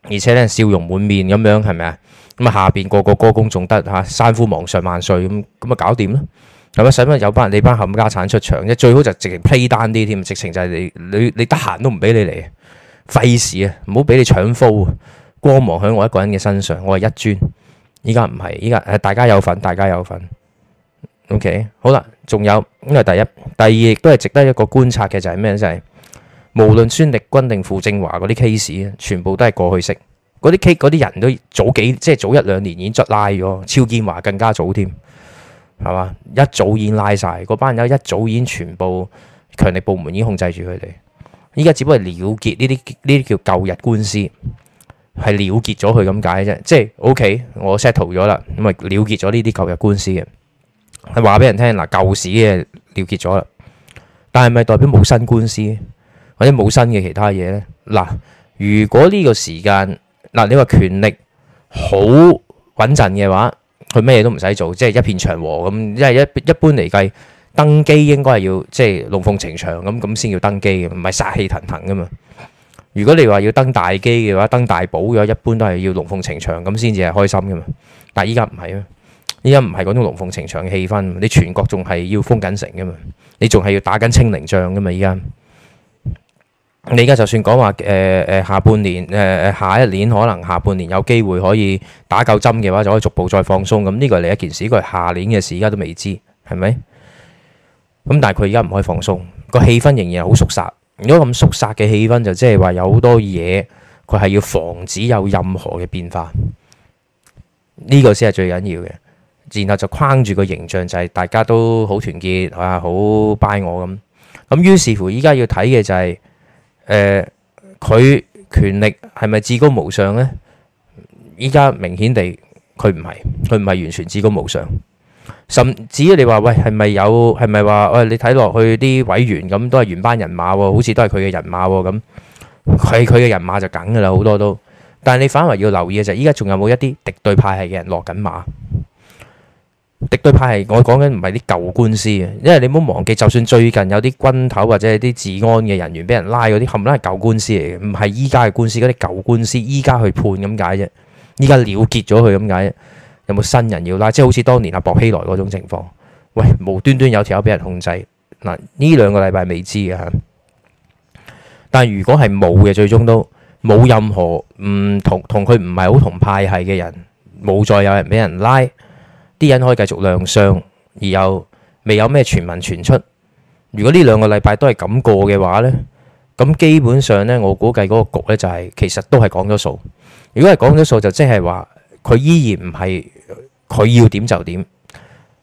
而且咧笑容滿面咁樣，係咪啊？咁啊下邊個個歌功仲得，嚇、啊，山呼忙上萬歲咁，咁、嗯、啊、嗯、搞掂啦。係咪使乜有班人你班冚家產出場啫？最好就直情批 l 單啲添，直情就係你你你，你得閒都唔俾你嚟，費事啊！唔好俾你搶風光芒喺我一個人嘅身上，我係一尊。依家唔係，依家誒大家有份，大家有份。OK，好啦。仲有，因為第一、第二亦都係值得一個觀察嘅就係咩？就係無論孫力軍定傅政華嗰啲 case 全部都係過去式。嗰啲 case 嗰啲人都早幾即係早一兩年已經執拉咗，肖建華更加早添，係嘛？一早已經拉晒，嗰班友一早已經全部強力部門已經控制住佢哋。依家只不過係了結呢啲呢啲叫舊日官司，係了結咗佢咁解啫。即係 OK，我 settle 咗啦，咁啊了結咗呢啲舊日官司嘅。係話俾人聽嗱，舊事嘅了結咗啦，但係咪代表冇新官司或者冇新嘅其他嘢咧？嗱，如果呢個時間嗱，你話權力好穩陣嘅話，佢咩嘢都唔使做，即係一片祥和咁。因為一一般嚟計，登基應該係要即係龍鳳呈祥咁咁先要登基嘅，唔係殺氣騰騰噶嘛。如果你話要登大基嘅話，登大寶嘅話，一般都係要龍鳳呈祥咁先至係開心噶嘛。但係依家唔係啊。依家唔係嗰種龍鳳呈祥嘅氣氛，你全國仲係要封緊城噶嘛？你仲係要打緊清零仗噶嘛？依家你而家就算講話誒誒下半年誒誒、呃、下一年可能下半年有機會可以打夠針嘅話，就可以逐步再放鬆。咁呢個係另一件事，佢係下年嘅事，而家都未知係咪？咁但係佢而家唔可以放鬆個氣氛，仍然係好肅殺。如果咁肅殺嘅氣氛就就，就即係話有好多嘢佢係要防止有任何嘅變化，呢、這個先係最緊要嘅。然後就框住個形象，就係、是、大家都好團結啊，好拜我咁咁。於是乎、就是，依家要睇嘅就係誒，佢權力係咪至高無上呢？依家明顯地，佢唔係，佢唔係完全至高無上。甚至於你話喂，係咪有係咪話？喂，你睇落去啲委員咁都係原班人馬，哦、好似都係佢嘅人馬咁，係佢嘅人馬就梗噶啦，好多都。但係你反而要留意嘅就係，依家仲有冇一啲敵對派系嘅人落緊馬？敵對派系，我講緊唔係啲舊官司，嘅，因為你唔好忘記，就算最近有啲軍頭或者係啲治安嘅人員俾人拉嗰啲，冚都係舊官司嚟嘅，唔係依家嘅官司，嗰啲舊官司依家去判咁解啫，依家了結咗佢咁解啫，有冇新人要拉？即係好似當年阿薄熙來嗰種情況。喂，無端端有條友俾人控制嗱，呢兩個禮拜未知嘅吓，但係如果係冇嘅，最終都冇任何唔同同佢唔係好同派系嘅人，冇再有人俾人拉。啲人可以繼續亮相，而又未有咩傳聞傳出。如果呢兩個禮拜都係咁過嘅話呢，咁基本上呢，我估計嗰個局呢，就係，就係其實都係講咗數。如果係講咗數，就即係話佢依然唔係佢要點就點，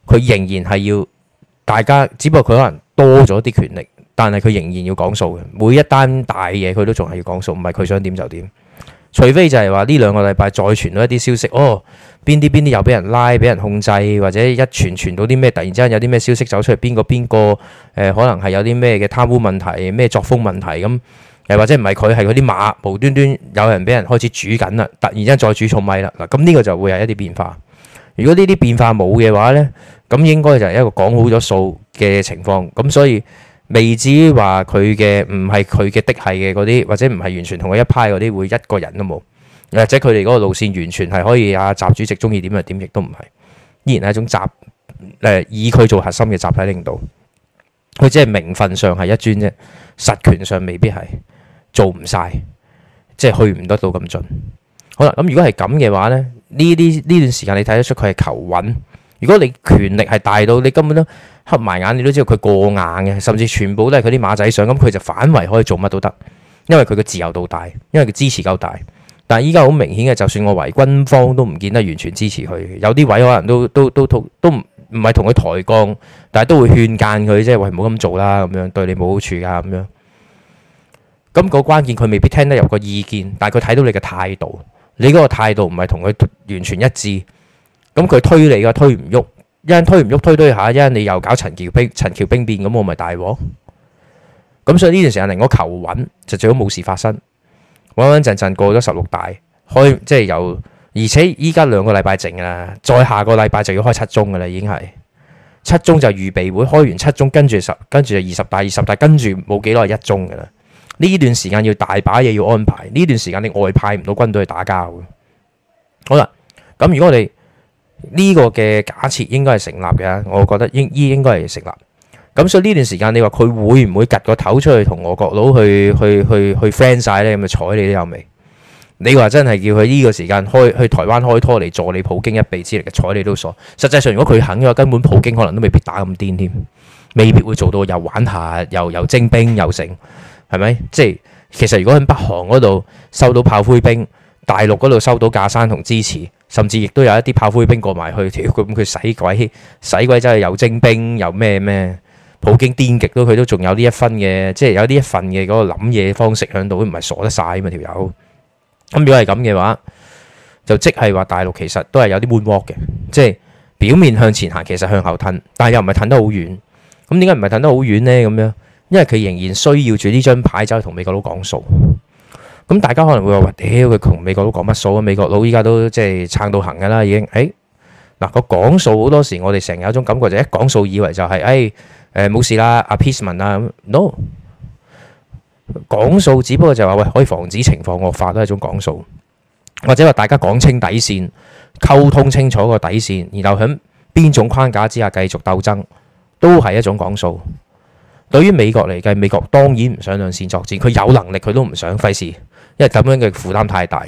佢仍然係要大家。只不過佢可能多咗啲權力，但係佢仍然要講數嘅。每一單大嘢佢都仲係要講數，唔係佢想點就點。除非就係話呢兩個禮拜再傳到一啲消息，哦，邊啲邊啲又俾人拉、俾人控制，或者一傳傳到啲咩，突然之間有啲咩消息走出嚟，邊個邊個誒、呃、可能係有啲咩嘅貪污問題、咩作風問題咁，誒或者唔係佢係嗰啲馬無端端有人俾人開始煮緊啦，突然之間再煮重米啦，嗱咁呢個就會係一啲變化。如果呢啲變化冇嘅話呢，咁應該就係一個講好咗數嘅情況，咁所以。未至於話佢嘅唔係佢嘅嫡系嘅嗰啲，或者唔係完全同佢一派嗰啲，會一個人都冇，或者佢哋嗰個路線完全係可以啊，習主席中意點就點，亦都唔係，依然係一種集誒以佢做核心嘅集體領導。佢只係名分上係一尊啫，實權上未必係做唔晒，即係去唔得到咁盡。好啦，咁如果係咁嘅話咧，呢啲呢段時間你睇得出佢係求穩。如果你權力係大到你根本都合埋眼，你都知道佢過硬嘅，甚至全部都係佢啲馬仔上，咁佢就反為可以做乜都得，因為佢嘅自由度大，因為佢支持夠大。但係依家好明顯嘅，就算我為軍方都唔見得完全支持佢，有啲位可能都都都都唔唔係同佢抬槓，但係都會勸諫佢，即係喂，唔好咁做啦，咁樣對你冇好處㗎咁樣。咁個關鍵佢未必聽得入個意見，但係佢睇到你嘅態度，你嗰個態度唔係同佢完全一致。咁佢推你噶，推唔喐，一推唔喐，推推下，一你又搞陳橋兵陳橋兵變，咁我咪大鑊。咁所以呢段時間，令我求穩就最好冇事發生，穩穩陣陣過咗十六大開，即係由。而且依家兩個禮拜剩啦，再下個禮拜就要開七中噶啦，已經係七中就預備會開完七中跟住十跟住就二十大二十大，跟住冇幾耐一中噶啦。呢段時間要大把嘢要安排，呢段時間你外派唔到軍隊去打交。好啦，咁如果我哋。呢個嘅假設應該係成立嘅，我覺得應依應該係成立。咁所以呢段時間，你話佢會唔會趌個頭出去同俄國佬去去去去 friend 晒呢？咁咪，睬你都有味。你話真係要佢呢個時間開去台灣開拖嚟助你普京一臂之力嘅，睬你都傻。實際上，如果佢肯嘅話，根本普京可能都未必打咁癲添，未必會做到又玩下又又徵兵又成，係咪？即係其實如果喺北韓嗰度收到炮灰兵，大陸嗰度收到架山同支持。甚至亦都有一啲炮灰兵過埋去，屌佢，咁佢使鬼使鬼真係有精兵，有咩咩？普京癲極都，佢都仲有呢一分嘅，即係有呢一份嘅嗰個諗嘢方式喺度，唔係傻得晒啊嘛條友。咁如果係咁嘅話，就即係話大陸其實都係有啲 moonwalk 嘅，即係表面向前行，其實向後褪，但係又唔係褪得好遠。咁點解唔係褪得好遠呢？咁樣，因為佢仍然需要住呢張牌走去同美國佬講數。咁大家可能會話，喂、欸，屌佢同美國都講乜數啊！美國佬依家都即係撐到行嘅啦，已經。誒、欸，嗱、那個講數好多時，我哋成日有一種感覺就係一講數，以為就係誒誒冇事啦 peaceful 啊，no，講數只不過就係話喂，可以防止情況惡化都係一種講數，或者話大家講清底線，溝通清楚個底線，然後喺邊種框架之下繼續鬥爭，都係一種講數。對於美國嚟計，美國當然唔想兩線作戰，佢有能力佢都唔想費事。因為咁樣嘅負擔太大，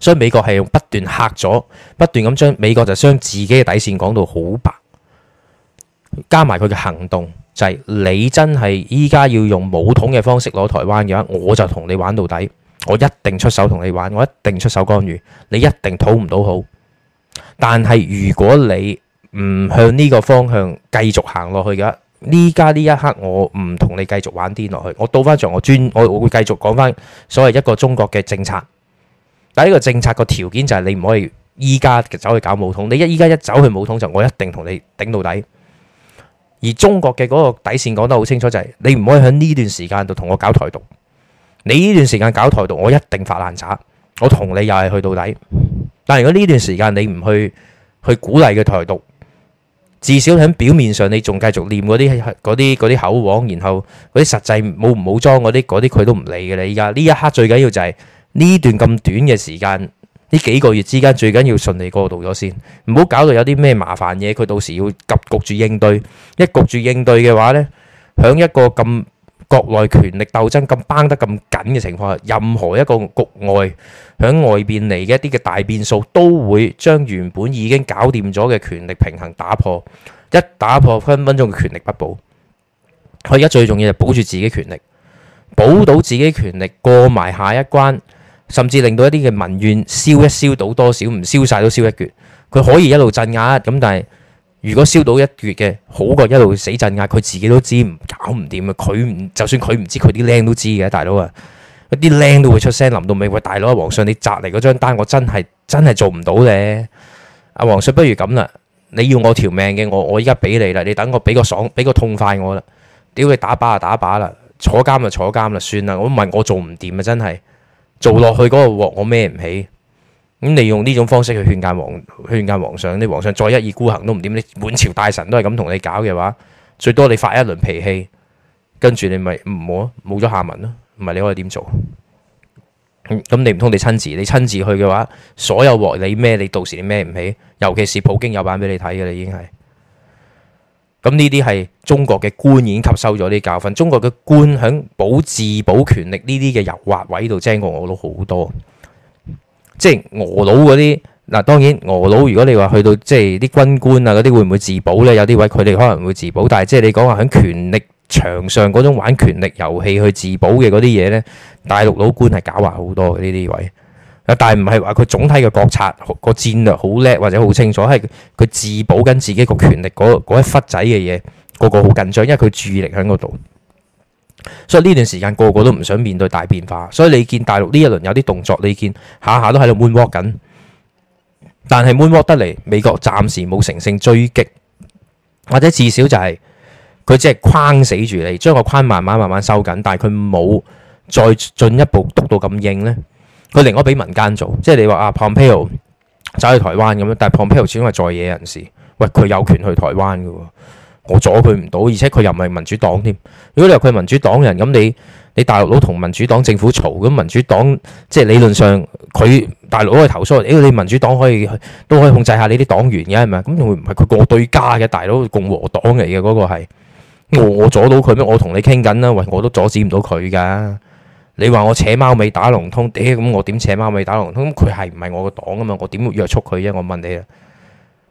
所以美國係用不斷吓咗，不斷咁將美國就將自己嘅底線講到好白，加埋佢嘅行動就係、是，你真係依家要用武統嘅方式攞台灣嘅話，我就同你玩到底，我一定出手同你玩，我一定出手干預，你一定討唔到好。但係如果你唔向呢個方向繼續行落去嘅話。呢家呢一刻我唔同你繼續玩癲落去，我倒翻場，我專我會繼續講翻所謂一個中國嘅政策。但係呢個政策個條件就係你唔可以依家走去搞武統，你一依家一走去武統就我一定同你頂到底。而中國嘅嗰個底線講得好清楚，就是，就係你唔可以喺呢段時間度同我搞台獨。你呢段時間搞台獨，我一定發爛渣，我同你又係去到底。但係如果呢段時間你唔去去鼓勵佢台獨。至少喺表面上，你仲繼續念嗰啲啲啲口簧，然後嗰啲實際冇冇裝嗰啲啲，佢都唔理嘅啦。依家呢一刻最緊要就係呢段咁短嘅時間，呢幾個月之間最緊要順利過渡咗先，唔好搞到有啲咩麻煩嘢，佢到時要急焗住應對。一焗住應對嘅話呢，響一個咁。國內權力鬥爭咁繃得咁緊嘅情況下，任何一個局外響外邊嚟嘅一啲嘅大變數，都會將原本已經搞掂咗嘅權力平衡打破，一打破分分鐘嘅權力不保。佢而家最重要就保住自己權力，保到自己權力過埋下一關，甚至令到一啲嘅民怨消一消到多少，唔消晒都消一橛，佢可以一路鎮壓。咁但係。如果燒到一月嘅，好過一路死鎮壓，佢自己都知唔搞唔掂啊！佢唔就算佢唔知，佢啲靚都知嘅，大佬啊，一啲靚都會出聲，臨到尾，喂，大佬啊，皇上你摘嚟嗰張單，我真係真係做唔到咧！阿皇上不如咁啦，你要我條命嘅，我我依家俾你啦，你等我俾個爽，俾個痛快我啦，屌你打靶就打靶啦，坐監就坐監啦，算啦，我唔係我做唔掂啊，真係做落去嗰個鑊我孭唔起。咁、嗯、你用呢種方式去勸諫皇勸諫皇上，啲皇上再一意孤行都唔掂，你滿朝大臣都係咁同你搞嘅話，最多你發一輪脾氣，跟住你咪唔好，冇咗下文咯，唔係你可以點做？咁、嗯、你唔通你親自，你親自去嘅話，所有鑊你孭，你到時你孭唔起，尤其是普京有版俾你睇嘅啦，已經係。咁呢啲係中國嘅官已經吸收咗啲教訓，中國嘅官響保自保權力呢啲嘅油滑位度精過我都好多。即係俄佬嗰啲嗱，當然俄佬如果你話去到即係啲軍官啊嗰啲會唔會自保咧？有啲位佢哋可能會自保，但係即係你講話喺權力場上嗰種玩權力遊戲去自保嘅嗰啲嘢呢，大陸老官係狡猾好多嘅呢啲位，但係唔係話佢總體嘅國策個戰略好叻或者好清楚，係佢自保緊自己個權力嗰一忽仔嘅嘢，個個好緊張，因為佢注意力喺嗰度。所以呢段時間個個都唔想面對大變化，所以你見大陸呢一輪有啲動作，你見下下都喺度悶握緊，但係悶握得嚟，美國暫時冇乘勝追擊，或者至少就係、是、佢只係框死住你，將個框慢慢慢慢收緊，但係佢冇再進一步篤到咁硬呢，佢另外俾民間做，即係你話啊 Pompeo 走去台灣咁樣，但係 Pompeo 始終係在野人士，喂佢有權去台灣噶喎。我阻佢唔到，而且佢又唔係民主黨添。如果你話佢係民主黨人，咁你你大陸佬同民主黨政府嘈，咁民主黨即係理論上佢大陸佬去投訴，屌、哎、你民主黨可以都可以控制下你啲黨員嘅係咪？咁仲唔係佢個對家嘅大佬共和黨嚟嘅嗰個係我阻到佢咩？我同你傾緊啦，喂、哎，我都阻止唔到佢噶。你話我扯貓尾打龍通，屌、哎、咁我點扯貓尾打龍通？佢係唔係我個黨啊嘛？我點約束佢啫？我問你啊！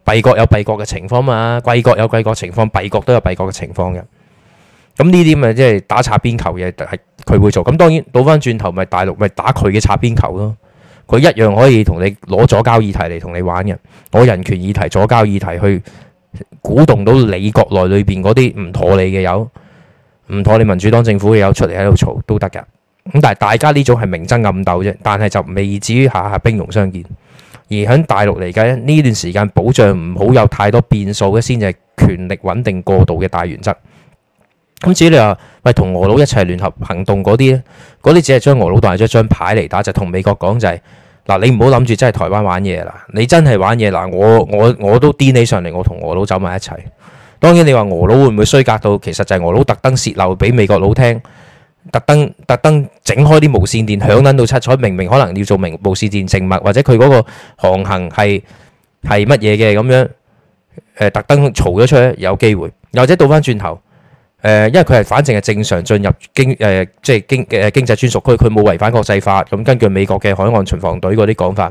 敝國有敝國嘅情況嘛，貴國有貴國情況，敝國都有敝國嘅情況嘅。咁呢啲咪即係打擦邊球嘅，係佢會做。咁當然倒返轉頭咪大陸咪打佢嘅擦邊球咯。佢一樣可以同你攞左交議題嚟同你玩嘅，攞人權議題、左交議題去鼓動到你國內裏邊嗰啲唔妥你嘅友，唔妥你民主黨政府嘅友出嚟喺度嘈都得㗎。咁但係大家呢種係明爭暗鬥啫，但係就未至於下下兵戎相見。而喺大陸嚟講，呢段時間保障唔好有太多變數嘅先至係權力穩定過渡嘅大原則。咁至於你話喂，同俄佬一齊聯合行動嗰啲咧，嗰啲只係將俄佬當係張牌嚟打，就同、是、美國講就係、是、嗱，你唔好諗住真係台灣玩嘢啦，你真係玩嘢嗱，我我我都癲起上嚟，我同俄佬走埋一齊。當然你話俄佬會唔會衰格到，其實就係俄佬特登洩漏俾美國佬聽。特登特登整開啲無線電響撚到七彩，明明可能要做明無線電靜默，或者佢嗰個航行係係乜嘢嘅咁樣？誒特登嘈咗出去，有機會，又或者倒翻轉頭誒，因為佢係反正係正常進入經誒，即係經誒經濟專屬區，佢冇違反國際法。咁根據美國嘅海岸巡防隊嗰啲講法，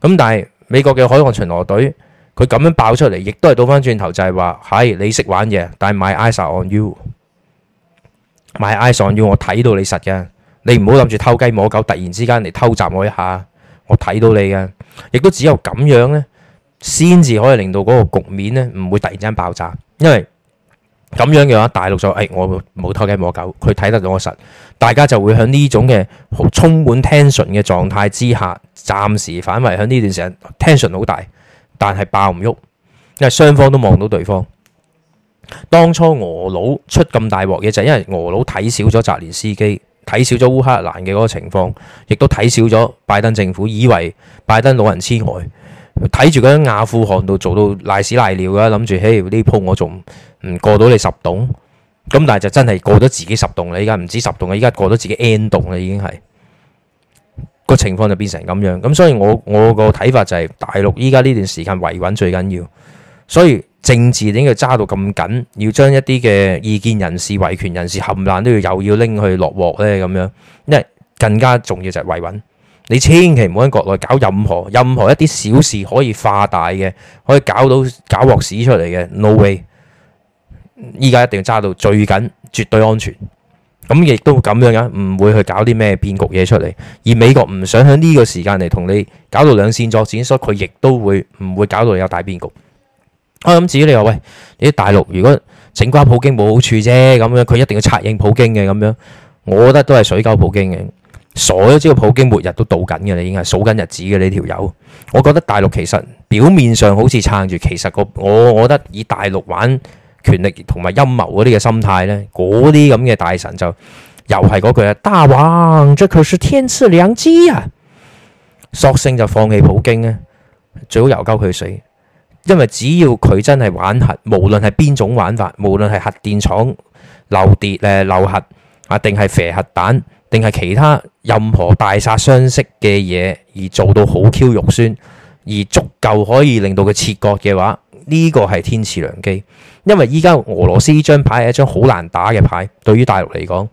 咁但係美國嘅海岸巡邏隊佢咁樣爆出嚟，亦都係倒翻轉頭，就係話係你識玩嘢，但係 myeyes on you。買 iPhone 要我睇到你實嘅，你唔好諗住偷雞摸狗，突然之間嚟偷襲我一下，我睇到你嘅，亦都只有咁樣呢，先至可以令到嗰個局面呢唔會突然之間爆炸，因為咁樣嘅話，大陸就誒、哎、我冇偷雞摸狗，佢睇得到我實，大家就會喺呢種嘅好充滿 tension 嘅狀態之下，暫時反為喺呢段時間，tension 好大，但係爆唔喐，因為雙方都望到對方。當初俄佬出咁大鑊嘢就係因為俄佬睇少咗澤連斯基，睇少咗烏克蘭嘅嗰個情況，亦都睇少咗拜登政府，以為拜登老人痴呆，睇住嗰啲阿富汗度做到賴屎賴尿㗎，諗住嘿呢鋪我仲唔過到你十棟，咁但係就真係過咗自己十棟啦，依家唔止十棟啦，依家過咗自己 N 棟啦，已經係個情況就變成咁樣，咁所以我我個睇法就係大陸依家呢段時間維穩最緊要，所以。政治點解揸到咁緊？要將一啲嘅意見人士、維權人士冚唪唥都要又要拎去落鑊呢？咁樣，因為更加重要就係維穩。你千祈唔好喺國內搞任何任何一啲小事可以化大嘅，可以搞到搞鑊屎出嚟嘅。No way！依家一定要揸到最緊，絕對安全。咁亦都咁樣嘅，唔會去搞啲咩變局嘢出嚟。而美國唔想喺呢個時間嚟同你搞到兩線作戰，所以佢亦都會唔會搞到你有大變局。我至於你話喂，你啲大陸如果整瓜普京冇好處啫，咁樣佢一定要策應普京嘅，咁樣我覺得都係水溝普京嘅，傻都知道普京末日都到緊嘅，你已經係數緊日子嘅呢條友。我覺得大陸其實表面上好似撐住，其實個我我覺得以大陸玩權力同埋陰謀嗰啲嘅心態咧，嗰啲咁嘅大神就又係嗰句啊，大王，這可是天賜良機啊，索性就放棄普京啊，最好由鳩佢死。因為只要佢真係玩核，無論係邊種玩法，無論係核電廠漏跌咧漏核啊，定係肥核彈，定係其他任何大殺傷式嘅嘢，而做到好 Q 肉酸，而足夠可以令到佢切割嘅話，呢、呢個係天賜良機。因為依家俄羅斯呢張牌係一張好難打嘅牌，對於大陸嚟講。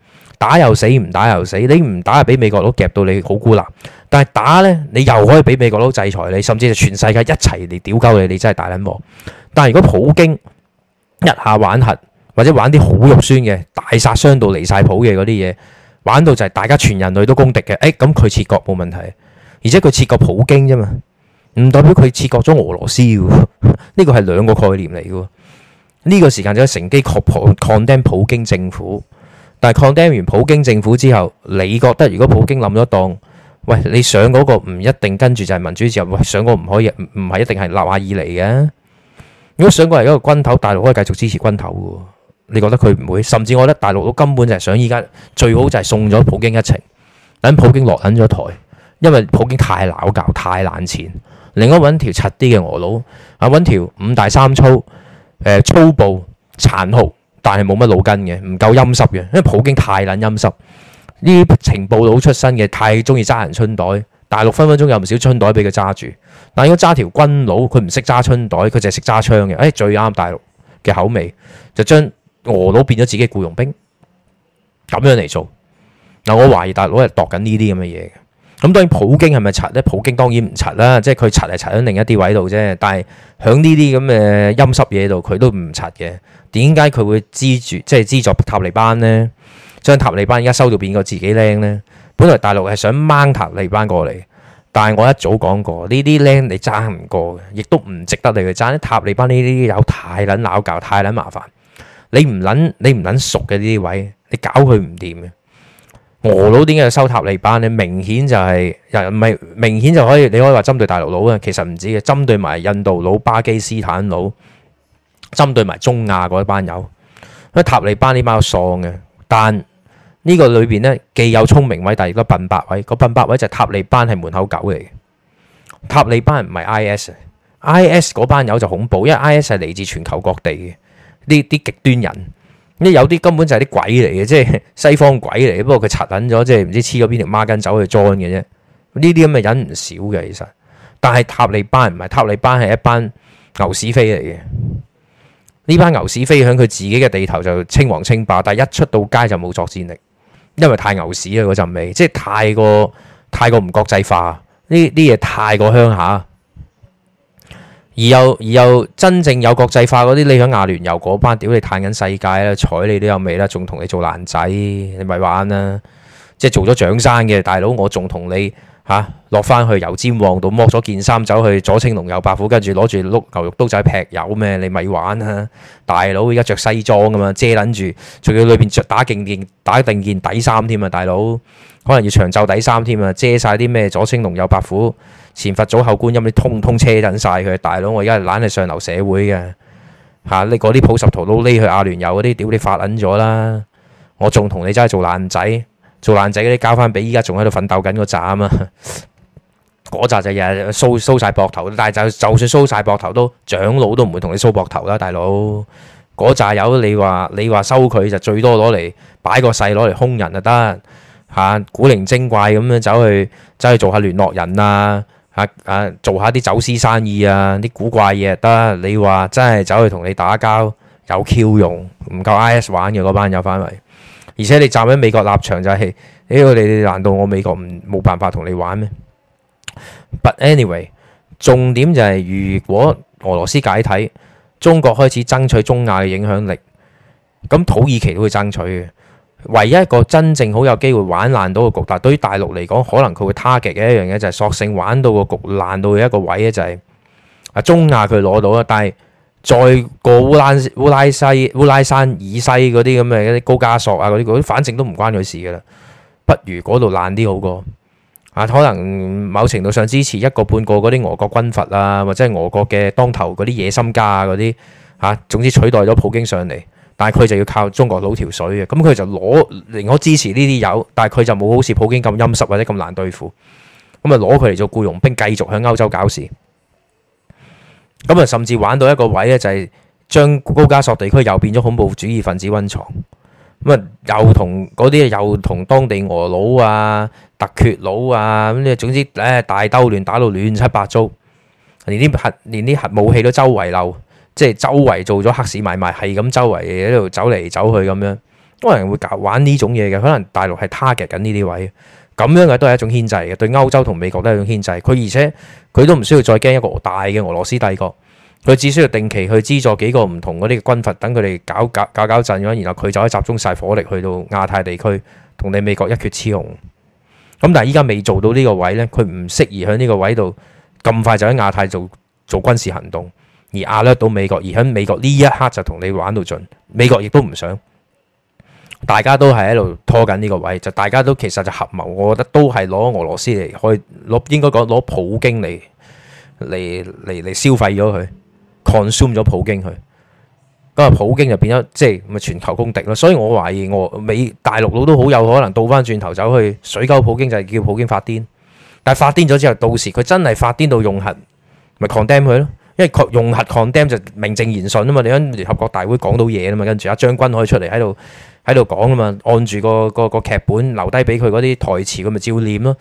打又死，唔打又死。你唔打啊，俾美國佬夾到你好孤立。但係打呢，你又可以俾美國佬制裁你，甚至係全世界一齊嚟屌鳩你，你真係大撚鑊。但如果普京一下玩核，或者玩啲好肉酸嘅大殺傷到離晒譜嘅嗰啲嘢，玩到就係大家全人類都攻敵嘅。誒、哎，咁佢切割冇問題，而且佢切割普京啫嘛，唔代表佢切割咗俄羅斯喎。呢個係兩個概念嚟嘅喎。呢、呢個時間就乘機抗頂普京政府。但係 condemn 完普京政府之後，你覺得如果普京冧咗檔，喂，你上嗰個唔一定跟住就係民主自由，喂，上個唔可以唔唔係一定係立馬而嚟嘅。如果上個係一個軍頭，大陸可以繼續支持軍頭嘅。你覺得佢唔會？甚至我覺得大陸都根本就係想依家最好就係送咗普京一程，等普京落緊咗台，因為普京太撈教、太攬錢，另外揾條柒啲嘅俄佬啊，揾條五大三粗、呃、粗暴、殘酷。但係冇乜老根嘅，唔夠陰濕嘅，因為普京太撚陰濕。呢啲情報佬出身嘅，太中意揸人春袋。大陸分分鐘有唔少春袋俾佢揸住。但如果揸條軍佬，佢唔識揸春袋，佢淨係識揸槍嘅。誒、哎，最啱大陸嘅口味，就將俄佬變咗自己僱傭兵，咁樣嚟做。嗱，我懷疑大陸係度緊呢啲咁嘅嘢嘅。咁當然普京係咪賊呢？普京當然唔賊啦，即係佢賊係賊喺另一啲位度啫。但係喺呢啲咁嘅陰濕嘢度，佢都唔賊嘅。點解佢會資助，即係資助塔利班呢？將塔利班而家收到邊個自己靚呢？本來大陸係想掹塔利班過嚟，但係我一早講過，呢啲靚你爭唔過嘅，亦都唔值得你去爭。塔利班呢啲友太撚拗交，太撚麻煩。你唔撚，你唔撚熟嘅呢啲位，你搞佢唔掂嘅。俄佬點解要收塔利班呢？明顯就係，又唔係明顯就可以，你可以話針對大陸佬啊。其實唔止嘅，針對埋印度佬、巴基斯坦佬。針對埋中亞嗰一班友，因塔利班呢班喪嘅。但呢個裏邊呢，既有聰明位，但亦都笨八位。個笨八位就塔利班係門口狗嚟嘅。塔利班唔係 I S，I S 嗰班友就恐怖，因為 I S 係嚟自全球各地嘅啲啲極端人。呢有啲根本就係啲鬼嚟嘅，即係西方鬼嚟嘅。不過佢拆捻咗，即係唔知黐咗邊條孖筋走去裝嘅啫。呢啲咁嘅人唔少嘅其實，但係塔利班唔係塔利班係一班牛屎飛嚟嘅。呢班牛屎飛響佢自己嘅地頭就稱王稱霸，但係一出到街就冇作戰力，因為太牛屎啦嗰陣味，即係太過太過唔國際化，呢啲嘢太過鄉下，而又而又真正有國際化嗰啲，你響亞聯游嗰班，屌你嘆緊世界啦，睬你都有味啦，仲同你做爛仔，你咪玩啦！即係做咗掌生嘅大佬，我仲同你。吓落翻去油尖旺度剝咗件衫，走去左青龍右白虎，跟住攞住碌牛肉刀仔劈友咩？你咪玩啊！大佬而家着西裝噶嘛，遮捻住，仲要裏邊着打勁件打定件底衫添啊！大佬可能要長袖底衫添啊，遮晒啲咩左青龍右白虎、前佛祖後觀音啲通通遮緊晒佢。大佬我而家係攬係上流社會嘅，吓、啊、你嗰啲普什圖都匿去阿聯酋嗰啲，屌你發捻咗啦！我仲同你真係做爛仔。做爛仔嗰啲交翻俾依家仲喺度奮鬥緊嗰扎啊嘛，嗰扎就日日縮縮曬膊頭，但係就就算縮晒膊頭都長老都唔會同你縮膊頭啦，大佬。嗰扎友你話你話收佢就最多攞嚟擺個勢，攞嚟兇人就得嚇。啊，古靈精怪咁樣走去走去做下聯絡人啊嚇啊，啊，做下啲走私生意啊啲古怪嘢得。你話真係走去同你打交有 Q 用，唔夠 IS 玩嘅嗰班友翻嚟。而且你站喺美國立場就係、是，你我哋難道我美國唔冇辦法同你玩咩？But anyway，重點就係、是、如果俄羅斯解體，中國開始爭取中亞嘅影響力，咁土耳其都會爭取嘅。唯一一個真正好有機會玩爛到嘅局，但對於大陸嚟講，可能佢會 target 嘅一樣嘢就係索性玩到個局爛到一個位咧、就是，就係啊中亞佢攞到啊，但係。再過烏拉烏拉西烏拉山以西嗰啲咁嘅啲高加索啊嗰啲，啲反正都唔關佢事嘅啦，不如嗰度爛啲好過。啊，可能某程度上支持一個半個嗰啲俄國軍閥啊，或者係俄國嘅當頭嗰啲野心家啊嗰啲，嚇，總之取代咗普京上嚟，但係佢就要靠中國佬條水嘅，咁佢就攞，寧可支持呢啲友，但係佢就冇好似普京咁陰濕或者咁難對付，咁啊攞佢嚟做僱傭兵，繼續喺歐洲搞事。咁啊，甚至玩到一個位咧，就係將高加索地區又變咗恐怖主義分子溫床，咁啊，又同啲又同當地俄佬啊、突厥佬啊，咁你總之咧大兜亂打到亂七八糟，連啲核連啲核武器都周圍漏，即係周圍做咗黑市買賣，係咁周圍喺度走嚟走去咁樣，多人會搞玩呢種嘢嘅，可能大陸係 target 緊呢啲位。咁樣嘅都係一種牽制嘅，對歐洲同美國都係一種牽制。佢而且佢都唔需要再驚一個大嘅俄羅斯帝國，佢只需要定期去資助幾個唔同嗰啲軍閥，等佢哋搞搞搞搞，搞震，然後佢就可以集中晒火力去到亞太地區，同你美國一決雌雄。咁、嗯、但係依家未做到呢個位呢，佢唔適宜喺呢個位度咁快就喺亞太做做軍事行動，而壓撚到美國，而喺美國呢一刻就同你玩到盡，美國亦都唔想。大家都係喺度拖緊呢個位，就大家都其實就合謀，我覺得都係攞俄羅斯嚟，可以攞應該講攞普京嚟，嚟嚟嚟消費咗佢，consume 咗普京佢，咁啊普京就變咗即係咪全球公敵咯？所以我懷疑我美大陸佬都好有可能倒翻轉頭走去水溝普京，就係叫普京發癲。但係發癲咗之後，到時佢真係發癲到用核咪 condemn 佢咯？因為用核 condemn 就名正言順啊嘛，你喺聯合國大會講到嘢啊嘛，跟住阿將軍可以出嚟喺度。喺度講啊嘛，按住個個個劇本留低俾佢嗰啲台詞，咁咪照念咯。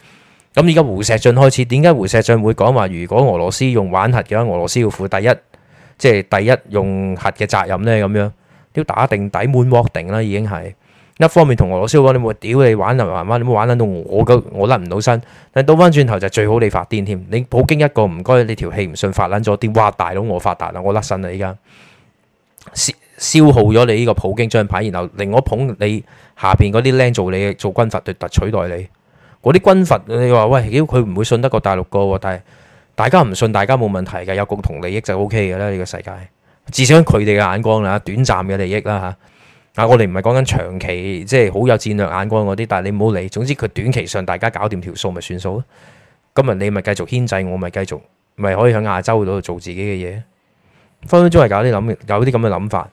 咁而家胡錫進開始，點解胡錫進會講話？如果俄羅斯用玩核嘅話，俄羅斯要負第一，即係第一用核嘅責任呢？咁樣都打定底滿鍋定啦，已經係一方面同俄羅斯講你冇屌，你玩你冇玩撚到我嘅，我甩唔到身。但到翻轉頭就最好你發癲添，你普京一個唔該，你條氣唔順發撚咗啲，哇大佬我發達啦，我甩身啦依家。消耗咗你呢個普京張牌，然後令我捧你下邊嗰啲僆做你嘅做軍閥，對，取代你嗰啲軍閥。你話喂，佢唔會信得過大陸個，但係大家唔信，大家冇問題嘅，有共同利益就 OK 嘅啦。呢、這個世界至少喺佢哋嘅眼光啦，短暫嘅利益啦嚇。嗱、啊，我哋唔係講緊長期，即係好有戰略眼光嗰啲。但係你唔好理，總之佢短期上大家搞掂條數咪算數咯。今日你咪繼續牽制我繼，咪繼續咪可以喺亞洲度做自己嘅嘢。分分鐘係搞啲諗搞啲咁嘅諗法。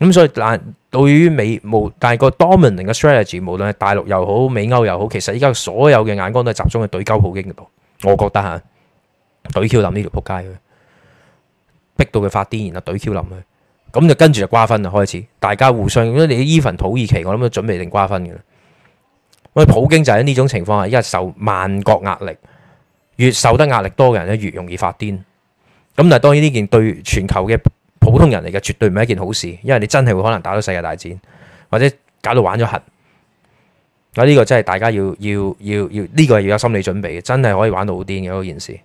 咁、嗯、所以但對於美無但係個 dominating 嘅 strategy，無論係大陸又好、美歐又好，其實依家所有嘅眼光都係集中喺對鳩普京嗰度。我覺得嚇，懟 Q 林呢條撲街，逼到佢發癲，然後懟 Q 林去。咁就跟住就瓜分啊開始，大家互相，如果你伊份土耳其，我諗都準備定瓜分嘅啦。咁普京就喺呢種情況下，因為受萬國壓力，越受得壓力多嘅人咧，越容易發癲。咁但係當然呢件對全球嘅。普通人嚟嘅，絕對唔係一件好事，因為你真係會可能打到世界大戰，或者搞到玩咗核。嗱，呢個真係大家要要要要，呢、呢個係要有心理準備嘅，真係可以玩到好癲嘅嗰件事。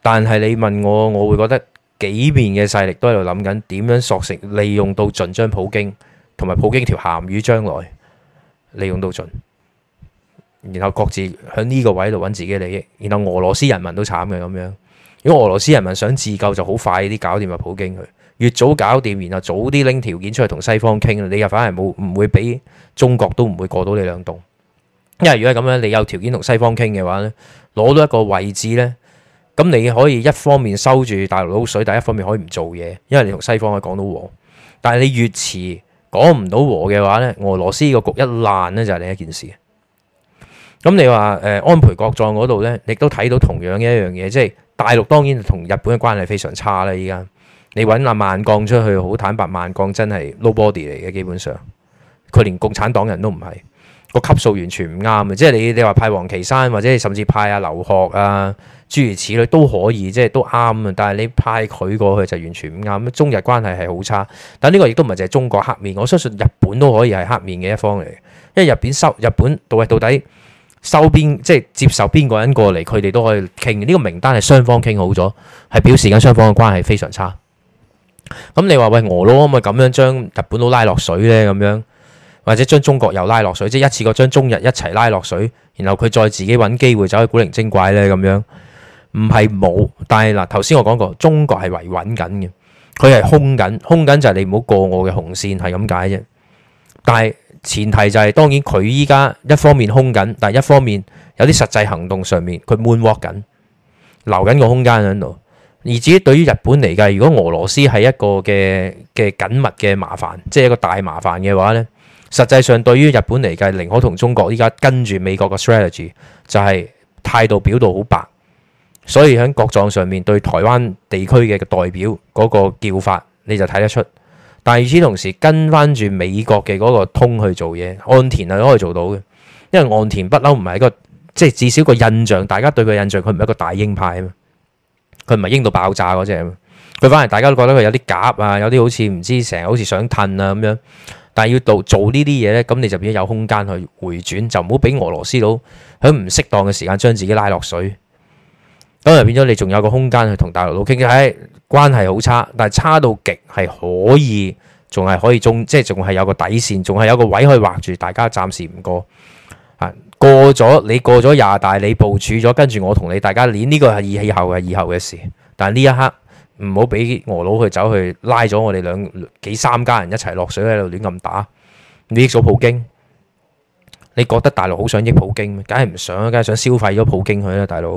但係你問我，我會覺得幾面嘅勢力都喺度諗緊點樣索食，利用到盡將普京同埋普京條鹹魚將來利用到盡，然後各自喺呢個位度揾自己利益，然後俄羅斯人民都慘嘅咁樣。如果俄羅斯人民想自救，就好快啲搞掂啊！普京佢越早搞掂，然後早啲拎條件出嚟同西方傾，你又反而冇唔會俾中國都唔會過到你兩棟，因為如果係咁樣，你有條件同西方傾嘅話咧，攞到一個位置咧，咁你可以一方面收住大陸佬水，但一方面可以唔做嘢，因為你同西方可以講到和。但係你越遲講唔到和嘅話咧，俄羅斯個局一爛咧，就係另一件事。咁你話誒、呃、安倍國葬嗰度咧，亦都睇到同樣一樣嘢，即係。大陸當然同日本嘅關係非常差啦！依家你揾阿萬鋼出去，好坦白，萬鋼真係 Nobody 嚟嘅，基本上佢連共產黨人都唔係，個個級數完全唔啱啊！即係你你話派王岐山或者甚至派阿劉鶴啊，諸如此類都可以，即係都啱啊！但係你派佢過去就完全唔啱。中日關係係好差，但呢個亦都唔係淨係中國黑面，我相信日本都可以係黑面嘅一方嚟嘅，因為日本收日本到到底。收邊即係接受邊個人過嚟，佢哋都可以傾。呢、這個名單係雙方傾好咗，係表示緊雙方嘅關係非常差。咁你話喂，俄佬，咪咁樣將日本佬拉落水呢？咁樣或者將中國又拉落水，即係一次過將中日一齊拉落水，然後佢再自己揾機會走去古靈精怪呢？咁樣唔係冇，但係嗱，頭先我講過，中國係維穩緊嘅，佢係控緊，控緊就係你唔好過我嘅紅線，係咁解啫。但係。前提就係、是，當然佢依家一方面空緊，但係一方面有啲實際行動上面佢悶握緊，留緊個空間喺度。而至於對於日本嚟計，如果俄羅斯係一個嘅嘅緊密嘅麻煩，即係一個大麻煩嘅話咧，實際上對於日本嚟計寧可同中國依家跟住美國嘅 strategy，就係態度表到好白。所以響國葬上面對台灣地區嘅代表嗰、那個叫法，你就睇得出。但係，與此同時，跟翻住美國嘅嗰個通去做嘢，岸田係都可以做到嘅，因為岸田不嬲唔係一個即係至少個印象，大家對佢印象佢唔係一個大鷹派啊嘛，佢唔係鷹到爆炸嗰隻，佢反而大家都覺得佢有啲鴿啊，有啲好似唔知成日好似想褪啊咁樣。但係要到做呢啲嘢咧，咁你就變咗有空間去回轉，就唔好俾俄羅斯佬喺唔適當嘅時間將自己拉落水。咁又變咗，你仲有個空間去同大陸佬傾偈，關係好差，但係差到極係可以，仲係可以中，即係仲係有個底線，仲係有個位可以劃住，大家暫時唔過。啊，過咗你過咗廿大，你部署咗，跟住我同你大家練呢個係以以後以後嘅事。但係呢一刻唔好俾俄佬去走去拉咗我哋兩幾三家人一齊落水喺度亂咁打，你益咗普京。你覺得大陸好想益普京咩？梗係唔想，梗係想消費咗普京佢啦，大佬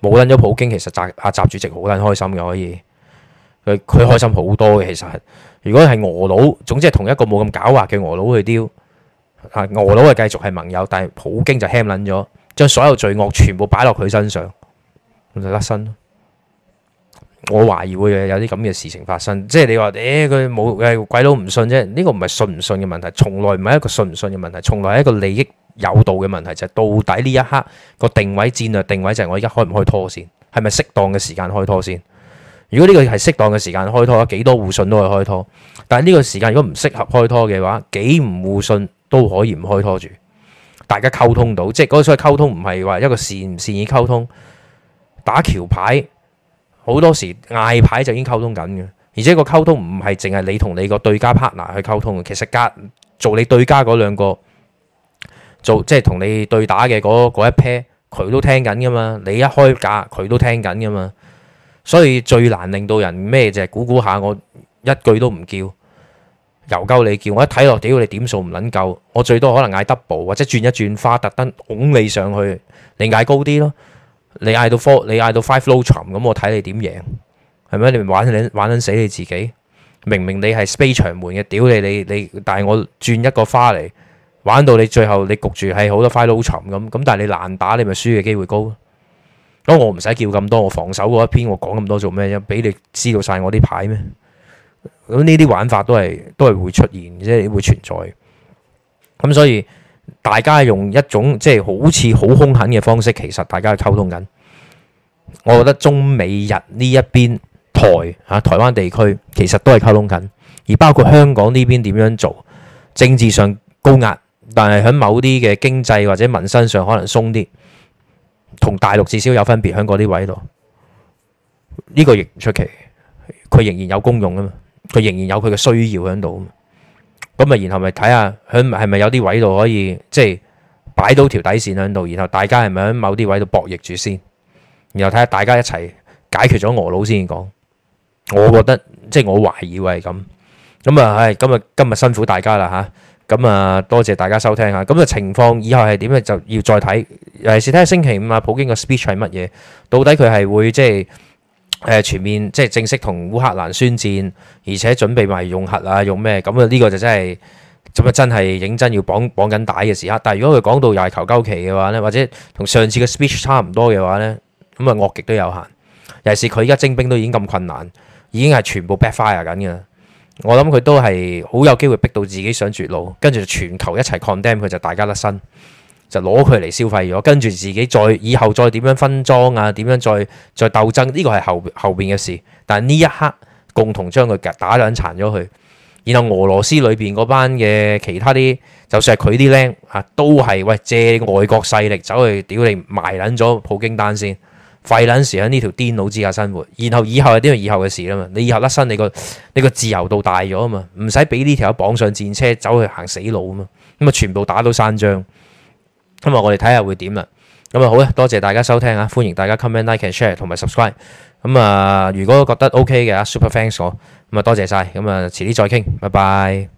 冇撚咗普京，其實習阿習主席好撚開心嘅可以，佢佢開心好多嘅其實。如果係俄佬，總之係同一個冇咁狡猾嘅俄佬去叼，啊俄佬係繼續係盟友，但係普京就喊撚咗，將所有罪惡全部擺落佢身上，咁就甩身。我懷疑會有啲咁嘅事情發生，即係你話，誒佢冇鬼佬唔信啫？呢個唔係信唔信嘅問題，從來唔係一個信唔信嘅問題，從來係一個利益有道嘅問題啫。就係到底呢一刻個定位戰略定位就係我而家開唔開拖先，係咪適當嘅時間開拖先？如果呢個係適當嘅時間開拖，幾多互信都可以開拖。但係呢個時間如果唔適合開拖嘅話，幾唔互信都可以唔開拖住。大家溝通到，即係嗰個所謂溝通唔係話一個善唔善意溝通，打橋牌。好多時嗌牌就已經溝通緊嘅，而且個溝通唔係淨係你同你個對家 partner 去溝通嘅，其實隔做你對家嗰兩個做即係同你對打嘅嗰一 pair，佢都聽緊噶嘛，你一開價佢都聽緊噶嘛，所以最難令到人咩就係估估下我一句都唔叫，由鳩你叫，我一睇落屌你點數唔撚夠，我最多可能嗌 double 或者轉一轉花，特登拱你上去，你嗌高啲咯。你嗌到 four 你嗌到 five low 沉咁，我睇你點贏，係咪你咪玩緊玩緊死你自己？明明你係 spade 長門嘅，屌你你你，但係我轉一個花嚟玩到你最後你焗住係好多 five low 沉咁，咁但係你難打，你咪輸嘅機會高。咁我唔使叫咁多，我防守嗰一篇我講咁多做咩？俾你知道晒我啲牌咩？咁呢啲玩法都係都係會出現，即係會存在。咁所以大家用一種即係、就是、好似好凶狠嘅方式，其實大家係溝通緊。我覺得中美日呢一邊台吓、啊、台灣地區其實都係溝通緊，而包括香港呢邊點樣做政治上高壓，但係喺某啲嘅經濟或者民生上可能鬆啲，同大陸至少有分別喺嗰啲位度呢、呢個亦唔出奇，佢仍然有功用啊嘛，佢仍然有佢嘅需要喺度，咁啊，然後咪睇下喺係咪有啲位度可以即係擺到條底線喺度，然後大家係咪喺某啲位度博弈住先。然後睇下大家一齊解決咗俄佬先講，我覺得即係我懷疑係咁，咁、嗯、啊，唉、嗯嗯，今日今日辛苦大家啦吓，咁、嗯、啊多謝大家收聽下，咁啊情況以後係點咧，就要再睇，尤其是睇下星期五啊普京個 speech 係乜嘢，到底佢係會即係誒全面即係正式同烏克蘭宣戰，而且準備埋用核啊用咩？咁啊呢個就真係咁啊真係認真要綁綁緊帶嘅時刻。但係如果佢講到又係求交期嘅話咧，或者同上次嘅 speech 差唔多嘅話咧。咁啊，惡極都有限。尤其是佢而家徵兵都已經咁困難，已經係全部 backfire 緊嘅。我諗佢都係好有機會逼到自己上絕路，跟住全球一齊 condemn 佢就大家甩身，就攞佢嚟消費咗，跟住自己再以後再點樣分贓啊？點樣再再鬥爭？呢、這個係後後邊嘅事，但係呢一刻共同將佢打打撚殘咗佢。然後俄羅斯裏邊嗰班嘅其他啲，就算係佢啲僆啊，都係喂借外國勢力走去屌你埋撚咗普京單先。費撚事喺呢條顛倒之下生活，然後以後係點樣以後嘅事啦嘛。你以後甩身，你個你個自由度大咗啊嘛，唔使俾呢條友綁上戰車去走去行死路啊嘛。咁啊，全部打到三張，咁啊，我哋睇下會點啦。咁啊，好啦，多謝大家收聽啊，歡迎大家 comment like and share 同埋 subscribe。咁啊，如果覺得 OK 嘅啊，super thanks 我，咁啊多謝晒。咁啊，遲啲再傾，拜拜。